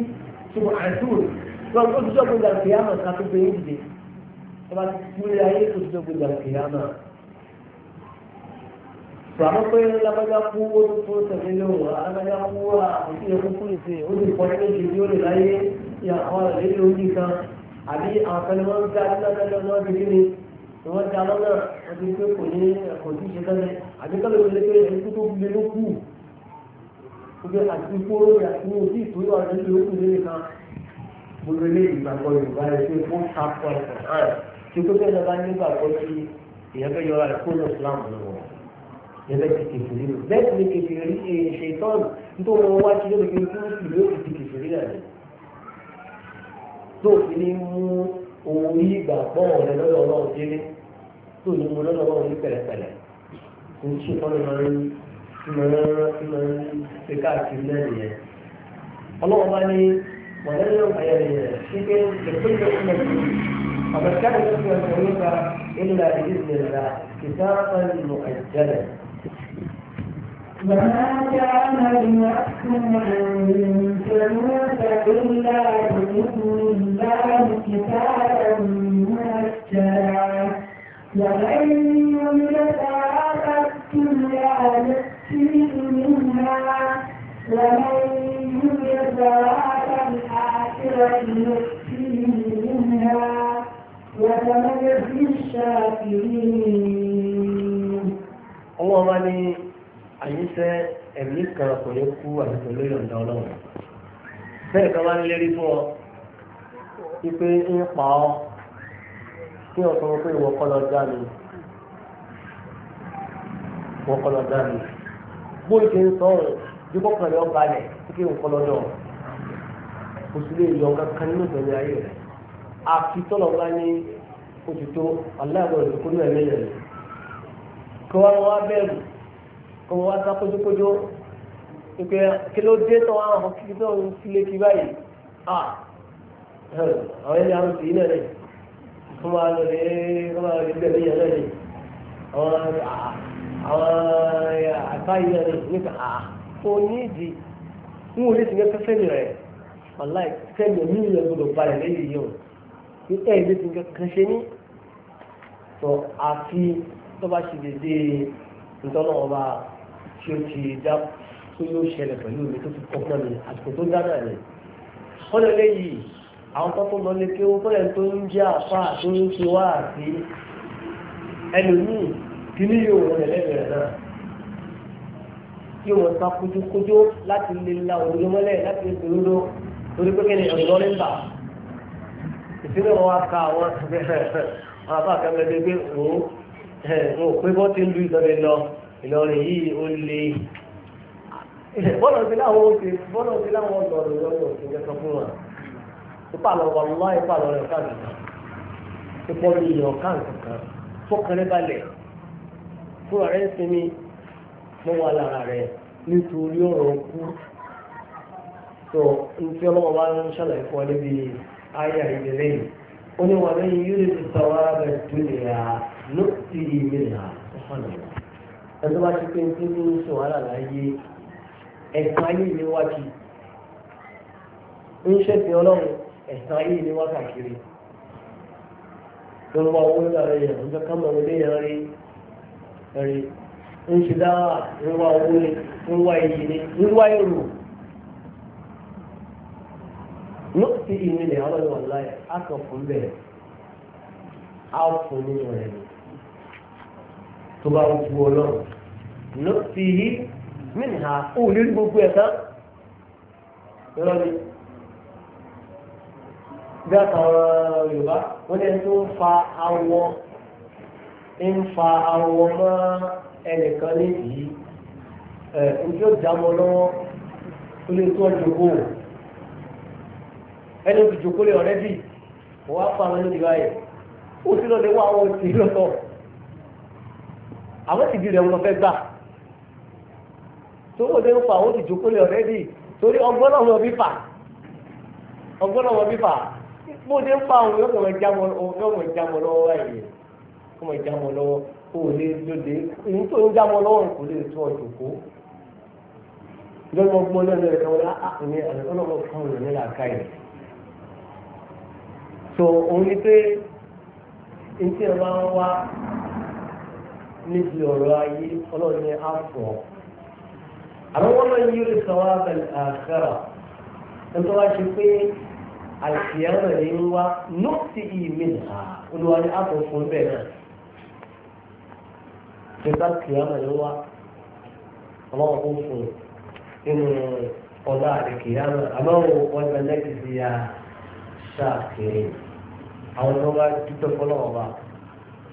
tó àdúrà. Kalau ó ti jọ́gbìn satu kìí àmà ká tó gbé yín dìde ẹ bá ti lé ayé ó ti jọ́gbìn dàrú kìí àmà. Bàbá pé lábájá kú ó ti fún sẹ̀mí ló wà lábájá kú wà àti ẹkún kú ìsè ó ti pọ̀ nínú ìdí ó lè láyé ìyá àwọn àlẹ́ ló ń nìkan àbí àwọn kan ní wọ́n ń dá nílẹ̀ lọ́wọ́ bí ni wọ́n dá lọ́nà wọ́n ti pé kò ní ẹ̀kọ́ tí ìṣe tẹ́lẹ̀ àbí kọ́lọ́ ìwé lé pé ẹ̀kú tó gbé gbogbo ilé ìgbàgbọ́ yorùbá rẹ̀ pé fún tapọ̀ ẹ̀kọ́ náà tí gbogbo ẹ̀ bá nígbàgbọ́ sí èèyàn fẹ́ yọra rẹ̀ kó lọ sílámù lọ́wọ́ yẹn bẹ́ẹ̀ ti kèfèrí lò bẹ́ẹ̀ ti eh, kèfèrí ṣe ìtọ́nù nítorí wọn wá sí lórí pé kí wọ́n sì lóò ti kèfèrí rẹ̀ tó fi ní mú ohun ìgbàgbọ́ rẹ̀ lọ́dọ̀ ọlọ́run délé tó ní mo lọ́dọ̀ ọlọ́run ní pẹ̀lẹ́pẹ̀lẹ́ ọlọ́run bá ní ولن يشكل بكل أمة فمن كان يسمع الطريق إلا بإذن الله كتابا مؤجلا وما كان لنفس أن تموت إلا بإذن الله كتابا مؤجلا ومن يتعاقب الدنيا نفسه منها ومن يتعاقب آخرة ọwọ́ wa ni àyíṣẹ́ ẹ̀mí kan kò ní kú àtúntò lórí ọ̀dà ọlọ́run bẹ́ẹ̀ kan wá ń lérí fún ọ wípé ń pa ọ́ kí ọ̀sán pé ìwọ lọ dá mi ìwọ lọ dá mi bóyá ti ń sọ̀rọ̀ bí kọ́kànlẹ́ ọba rẹ̀ kí n kọ́ lọ́dọ̀ ọ́ kò sí lè yọ kankan nínú ìtọ́jú ayé rẹ̀ àfi tọ́lọ̀ bá ní òtítọ́ aláàbọ̀ rẹ̀ kó ní ẹ̀mí rẹ̀ kí wọ́n wá bẹ̀rù kí wọ́n wá sá kójókójó pé kí ló dé tán àwọn ọmọ kíkí tó ń filé kí báyìí à àwọn ẹni àwọn tìyí náà rẹ̀ kí wọ́n máa lọ lé kí wọ́n máa lọ lé náà rẹ̀ àwọn àbáyé náà rẹ̀ nípa à kò ní ìdí n ò lè wàláì kẹ́mi ní ìyẹn gbọdọ̀ balẹ̀ lẹ́yìn yìí o ní ẹ̀yìn ló ti ń kankan ṣe ní tọ́ àfi tó bá ṣe dédé ntọ́nà ọba tí ó ti dá tó yóò ṣẹlẹ̀ pẹ̀lú mi tó ti kọ́ fún mi àsìkò tó dá náà ni. kọ́lẹ̀ lẹ́yìn àwọn tó tó lọ lé kéwọ́ kọ́lẹ̀ tó ń jẹ́ àfa tó ń ṣe wá àti ẹlòmíì kìíní yóò wọlé lẹ́gbẹ̀rẹ̀ náà yóò wọ́n sá kójókójó láti lè la òdodo mọ́lẹ̀ láti lè fi rúdó torí pé kíni ọ̀dọ́ ní bà ìsinmi wọn wá ka àwọn *laughs* àbá kẹmẹ́lẹ́ gbé òun ń pé bọ́ ti ń lu ìtọ́ni lọ Ìlọrin yìí ó le bọ́lọ̀ sí láwọn oṣù bọ́lọ̀ sí láwọn ọ̀dọ́ Ìlọrin oṣù kẹsàn fún wa ipa lọ wà lọ́wọ́ ipa lọ rẹ̀ káàdì kan ipò mi yàn káàdì kan fọkànlẹ́ balẹ̀ fúnra rẹ̀ sinmi mọ́ wà lára rẹ̀ nítorí ọ̀rọ̀ kú so nti ọlọ́wọ́ bá ń ṣàlàyé fún ọ níbi ayé ìdílé ó ní wọn lẹ́yìn yóò lè sọ̀rọ̀ abẹ dúnìyà ló ti yí mi là ọ̀hánà ẹni tó bá ti pé tí ní sọ wàhálà láyé ẹ̀sán ayé ìlú wá kì ń ṣètì ọlọ́run ẹ̀sán ayé ìlú wá kàkiri lórí wa owó nígbà rẹ̀ ń fẹ́ kámọ̀ ní léyìn rí rí ń ṣe dáhà ń wá owó ní ń wá iyì ní ń wá èrò nọ́ọ̀sì ìwé ilẹ̀ ọlọ́run ọ̀láyà á kàn fún bẹ́ẹ̀ á fún nínú rẹ̀ ni tó bá wù ọlọ́run nọ́ọ̀sì yìí mìnà ó lórí gbogbo ẹ̀ tán lọ́ni bí àtàwọn yorùbá wọ́n ní ẹni tó ń fa awọ ń fa awọ mọ́ ẹnìkan léyìí ẹ̀ ń tí ó dá ó lè tó ọdún kó ẹni tó jòkó lè ọ̀rẹ́ bì wọ́n á pa àwọn ẹni báyìí ó sì lọ́ọ́ lè wá àwọn òsì lọ́tọ̀ àwọn ti di rẹ̀ wọn fẹ́ gbà tó wọ́n lè pa àwọn ti jòkó lè ọ̀rẹ́ bì torí ọgbọ́n náà wọ́n bí fà ọgbọ́n náà wọ́n bí fà bó ṣe ń fa àwọn yóò kọ̀ ọmọ ìjámọ̀ lọ́wọ́ báyìí ọmọ ìjámọ̀ lọ́wọ́ kò lè lóde ìyí tó ń jámọ̀ lọ́wọ́ kò lè tún ọ̀jọ̀ kó lọ́wọ́ gbọ́n lọ́wọ́ rẹ̀ kọ́ wọn á ní ah, ah, ọlọ́wọ́ fún òun so òun ni pé ntí ẹ máa ń wá níbi ọ̀rọ̀ ayé ọlọ́run ní àfọ̀ àwọn wọn máa ń yírí sọ́wọ́ abẹ́lẹ̀ àkàrà nítorí wá ṣe pé àìsíyàmọ̀ ní ń wá nọ́ọ̀tì ìmìnira olúwa ní àfọ̀ fún bẹ́ẹ̀ náà tẹ̀sà kìyàmọ̀ ní wá ọlọ́run kò fún inú ọ̀la àti kìyàmọ̀ àmọ́ wọn gbẹ lẹ́kìtì ya kiri àwọn tó bá dúpẹ́ fọlọ́wọ́ bá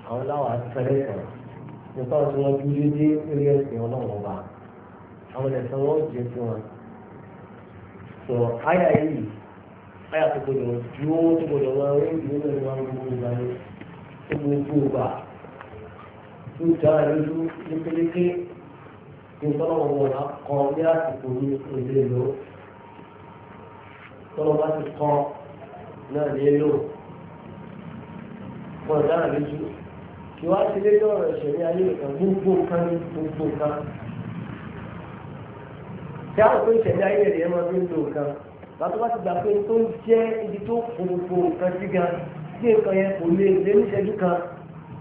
àwọn láwọn àtẹ̀lẹ́ kan nípa tí wọ́n dúró dé orí ẹ̀sìn ọlọ́wọ́ bá àwọn ẹ̀sán wọn jẹ́ sí wọn. sọ àyà yìí àyà tó gbọdọ̀ dúró tó gbọdọ̀ wọn orí ìdílé lórí wọn gbogbo ìgbà ni tó gbogbo ìgbà tó dára lójú lékeléké ní tọ́lọ́wọ́ wọn á kọ́ ní àsìkò ní òde lò tọ́lọ́wọ́ bá ti kọ́ náà ní èlò wọn dára lójú kí wá sí lédè ọ̀rọ̀ ìṣẹ̀lẹ̀ ayé ìkan gbogbo nǹkan ní gbogbo nǹkan tí a òpin ìṣẹ̀lẹ̀ ayé rẹ̀ máa fi ń lo nǹkan bàtú bá ti gbà pé tó ń jẹ́ ibi tó gbogbo nǹkan sí gan bí nǹkan yẹn kò lè lé níṣẹ́jú kan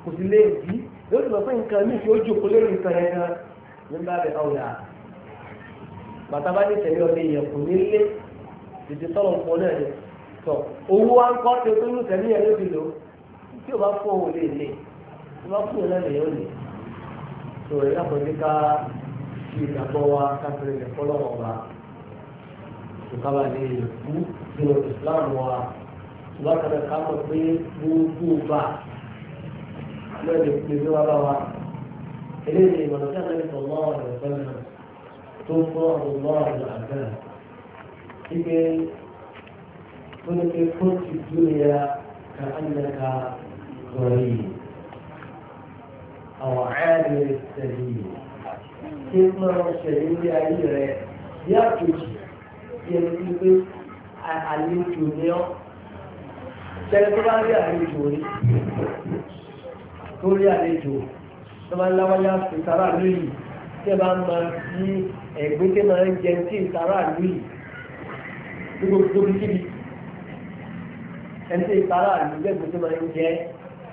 kò sì lè dí yóò ti mọ̀ pé nǹkan ní ìfi ojú kò lórí nǹkan yẹn gan nígbà rẹ̀ ọ̀rẹ́ à bàtà bá ní ìṣẹ̀lẹ̀ ọ̀rẹ́ yẹn kò ní lé tètè tọ́lọ̀ pọ̀ náà yẹn tọ̀ owó wa ń kọ́ tó tó ní ìṣẹ̀lẹ̀ yẹn ló ti lò ó tí o bá fún òun lè lè tí o bá fún òun yóò lè tó rẹ̀ yàtọ̀ ní ká fi ìgbàgbọ́ wa káfíńtì rẹ̀ fọlọ́wọ́ wa ìkábà lè kú nínú Islam wa ìwà kàdà ká mọ̀ pé gbogbo bá lọ́ọ̀dẹ̀ pèsè wa bá wa eléyìí ìmọ̀nà tí a lè sọ lọ́wọ́ rẹ̀ fẹ́lẹ̀ tó fún ọ̀rọ̀ lọ́wọ́ rẹ̀ àgbẹ̀ ike tó ní pé kó kà á nà ká. الطريق أو عابر السبيل كلمة الشريف أيضا يقف يقف àlejò ni ọ́ ṣẹlẹ̀ tó bá rí àlejò rí tó rí àlejò tó bá láwáyá fi sára lóyìí tí ẹ bá ń máa sí ẹ̀gbẹ́ tí máa ń jẹ tí ìsára lóyìí tó gbogbo tóbi kíbi ẹni tí ìsára lóyìí lẹ́gbẹ̀ẹ́ tí máa ń jẹ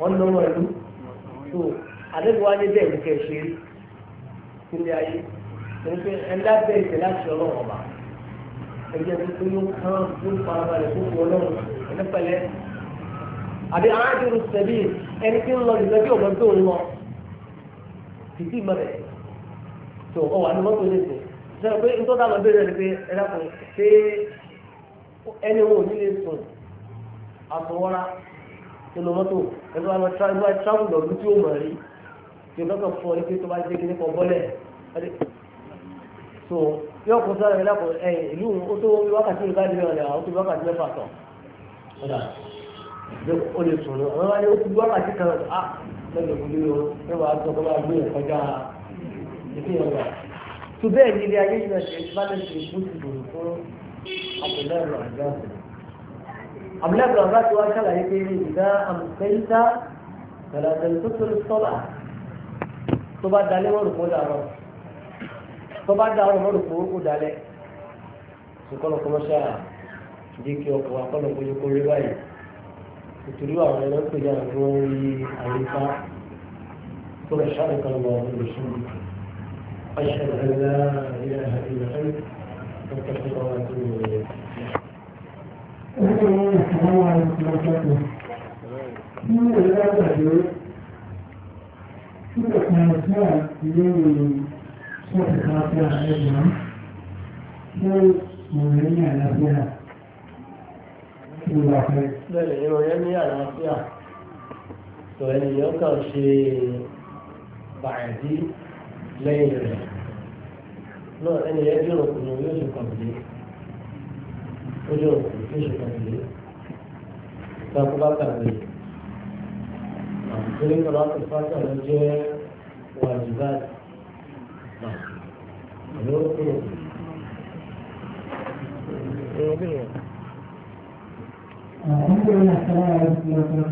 wọ́n lọ́wọ́ ìlú tó àdébò wá ní bẹ́ẹ̀ ní kẹ́ ṣe rí sílé ayé torí pé ẹ̀dá bẹ́ẹ̀ tẹ̀ láti ọlọ́wọ́ ọba ẹ̀jẹ̀ tó yóò kán tó farabalẹ̀ tó fi ọlọ́run ẹ̀dá pẹ̀lẹ́ àbí aráàlú sẹ́bí ẹni tí ń lọ ìgbẹ́ bí ọ̀gbọ́n tó ń lọ títí mọ́ rẹ̀ tó ọ wà ní mọ́tò ní ìsìn sọ pé n tó lọ bẹ́ẹ̀ pé ẹ̀dá ṣé ẹni wọn ò ní lè sùn àtọwọ́ra tó mọ́tò ẹni wọn lọ travel lọ́dún tí ó mọ̀ rí tí ọlọ́kàn fún ọ ní pé tó bá dé kí ní kọ bọ́lẹ̀ so yóò kó sọ́ra ìlàkọ̀ ẹ̀ ìlú ó tó wákàtí ìbáraẹni ọ̀rẹ́ àwọn tó wákàtí mẹ́fà tọ̀ ọ̀dà ó lè sùn lọ wọn wáyé ó ti gbọ́ àti kan á ah, lọ́dọ̀ ìlú lọ ẹ wàá tọ́ kọ́ máa gbé ìkọjá ìpín ọ̀gá. tó bẹ́ẹ̀ ni ilé ayé ìrìnàjò ìbánisìn fún ìbòrò fún àpẹẹrẹ àjọ abúlẹ́bùrọ̀ bá ti wá ṣàlàyé pé ní ìdá àmùfẹ́ńtà tẹ̀lẹ̀tẹ̀lẹ̀ tó tó sọ́là tó bá dalẹ̀ wọ́n rògbò dàrọ̀ tó bá dàrọ̀ wọ́n rògbò ó dalẹ̀ ṣùkọ́nù kọ́mọ́ṣà jẹ́ kí ọkọ̀ akọ́nù kó yẹ kó rí báyìí ìtòrí àwọn ẹ̀rọ pè ní àwọn ohun rí àyíká tó rẹ̀ ṣàlùkọ́ lọ lóṣù أشهد أن لا إله إلا أنت أستغفرك وأتوب إليك Ẹgbẹ́ lẹ́yìn rẹ̀. Náà ẹni yẹn dúró yóò ṣe kọ̀ọ̀dé. ojú òkú tó ṣe kàn lé ìtàkù bá tàbí àtúntò nípa láti fásitì ló jẹ́ wàjúbá àlọ́ kúrò. Àkókò ní àkàrà ẹ̀rọ ti lọ sọ́nà.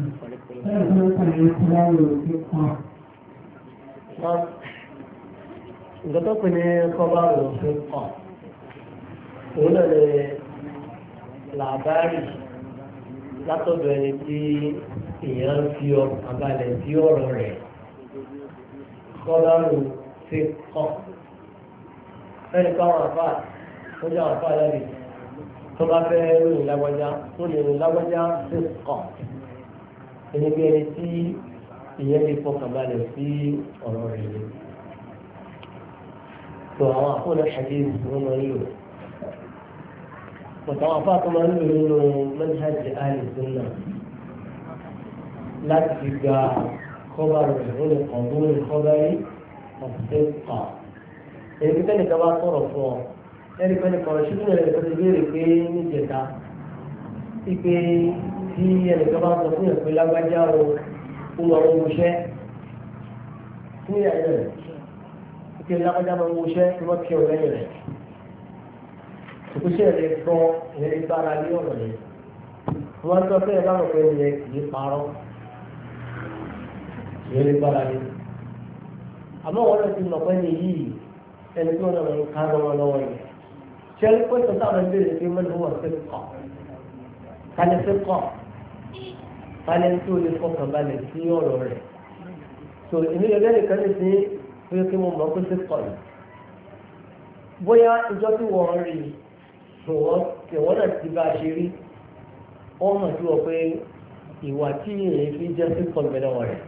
Bẹ́ẹ̀ ni wọ́n kàn ní kúrò àwòrán tó kàn. Nǹkan tó pè ní kọ́bá àwòrán tó kàn. Òun náà ni làbárì látọ̀dọ̀ ẹni tí èèyàn fi àbálẹ̀ sí ọ̀rọ̀ rẹ̀ kọ́lárù ṣe kọ́ ẹni káwọn àfà ó jẹ́ àfà lábì tó bá fẹ́ ròyìn lágbájá ó lè ròyìn lágbájá ṣe kọ́ ẹni bí ẹni tí èèyàn lè fọkàn balẹ̀ sí ọ̀rọ̀ rẹ̀ yìí. tó àwọn àfọ̀nà ṣàkíyèsí wọn lọ rí o pọ̀tàwọn afáàkọ́ máa ń lò nínú manhaj al-sunna láti gba kọ́bárù ìrúnlẹ̀ kọ̀ọ̀dúnrún kọ́bárì ọ̀sẹ̀ kà. èyí tí kẹ́nìkan bá sọ̀rọ̀ fún ọ ẹni pẹ́ni kan ṣùgbọ́n ẹni kan ti béèrè pé níjẹta ipe tí ẹnìkan bá sọ fún ìpè lágbájá o fún àwọn oṣẹ́ fún ìyá rẹ̀ ipe lágbájá máa ń wọṣẹ́ tí wọ́n kí ọ lẹ́yìn rẹ̀ òkúṣẹ́ rẹ̀ gan ìyẹn ní gbára ní ọ̀rọ̀ yẹn wọ́n tọ́ fẹ́ báwọn pé ìyẹn kì í parọ́ ìyẹn ní gbára ní. àmọ́ wọn lọ sí lọ́pẹ́ ní yìí ẹni tí wọ́n lọ ń ká lọ́wọ́ lọ́wọ́ yẹn ṣé ẹni pé tọ́ta rẹ̀ béèrè pé mẹ́lẹ̀ wọ́n fẹ́ kọ̀ kálí fẹ́ kọ̀ kálí tí o lè fọkàn balẹ̀ sí ọ̀rọ̀ rẹ̀ tó ìní ẹlẹ́rìí kan lè ṣe é kí mo mọ̀ pé fẹ́ kọ̀ bóyá ìjọ tí wọ́n rí i tòwọ́ náà ti bá a ṣe rí wọ́n mọ̀ sí wọ́n pé ìwà tí èyí fi jẹ́ sí kọ̀ǹbẹ̀lẹ̀wọ̀ rẹ̀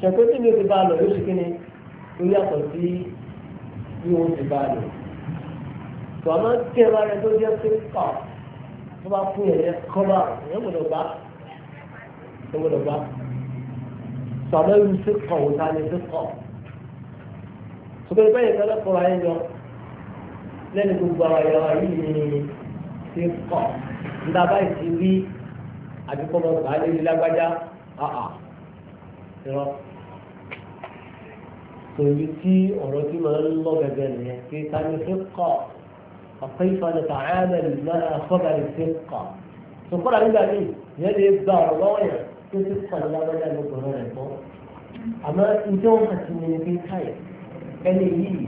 ṣẹ̀pẹ́ tí mi ò ti bá a lọ lóṣù kínní lórí àpọ̀ sí bí wọ́n ti bá a lọ. tòwọ́n máa ń tẹ́ ẹ̀rọ rẹ tó jẹ́ sí kọ̀ tó bá fún yẹn kọ́bà yẹn gbọ́dọ̀ bá yẹn gbọ́dọ̀ bá tòwọ́n máa ń sí kọ̀ wọ́n ta ni sí kọ̀. sọ lẹ́nu gbogbo àwọn ẹ̀yà yìí ni ṣe kọ̀ nígbà báyìí ti rí àdúgbò ọgbà lórí lágbájá àà irọ́ tòyí tí ọ̀rọ̀ tí máa ń lọ gẹ́gẹ́ nìyẹn pé ta ni ṣe kọ̀ ọ̀pẹ́ ìfọdù tààmì náà fọ́gà ni ṣe kọ̀ tòkọ́ra nígbà míì ìyẹn lè gba ọ̀rọ̀ lọ́wọ́ yẹn tó ti kọ̀ ní lágbájá lóko rẹ̀ gbọ́ àmọ́ ìjọ́ àti mi ni pé káyẹ̀ ẹni yìí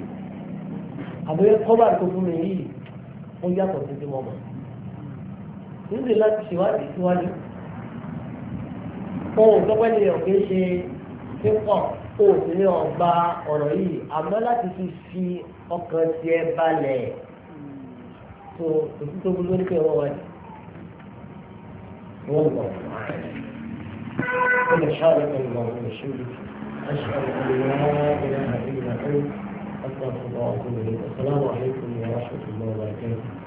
àbí kọ́bà tó fún mi yìí ó yàtọ̀ sí ti mọ̀ mọ́ níbi láti ṣèwádìí síwájú ohun tọ́pẹ́ ni ọ̀gbẹ́ ṣe pípọ̀ ó sì ní ọgbà ọ̀rọ̀ yìí àmọ́ láti fi fi ọkàn tiẹ̀ balẹ̀ tó òtún tó gbogbo ní pé wọ́n wáyé wọ́n gbọ̀ ومن شارك الله ورسوله أشهد أن لا إله إلا أنت أستغفر الله وأتوب إليه السلام عليكم ورحمة الله وبركاته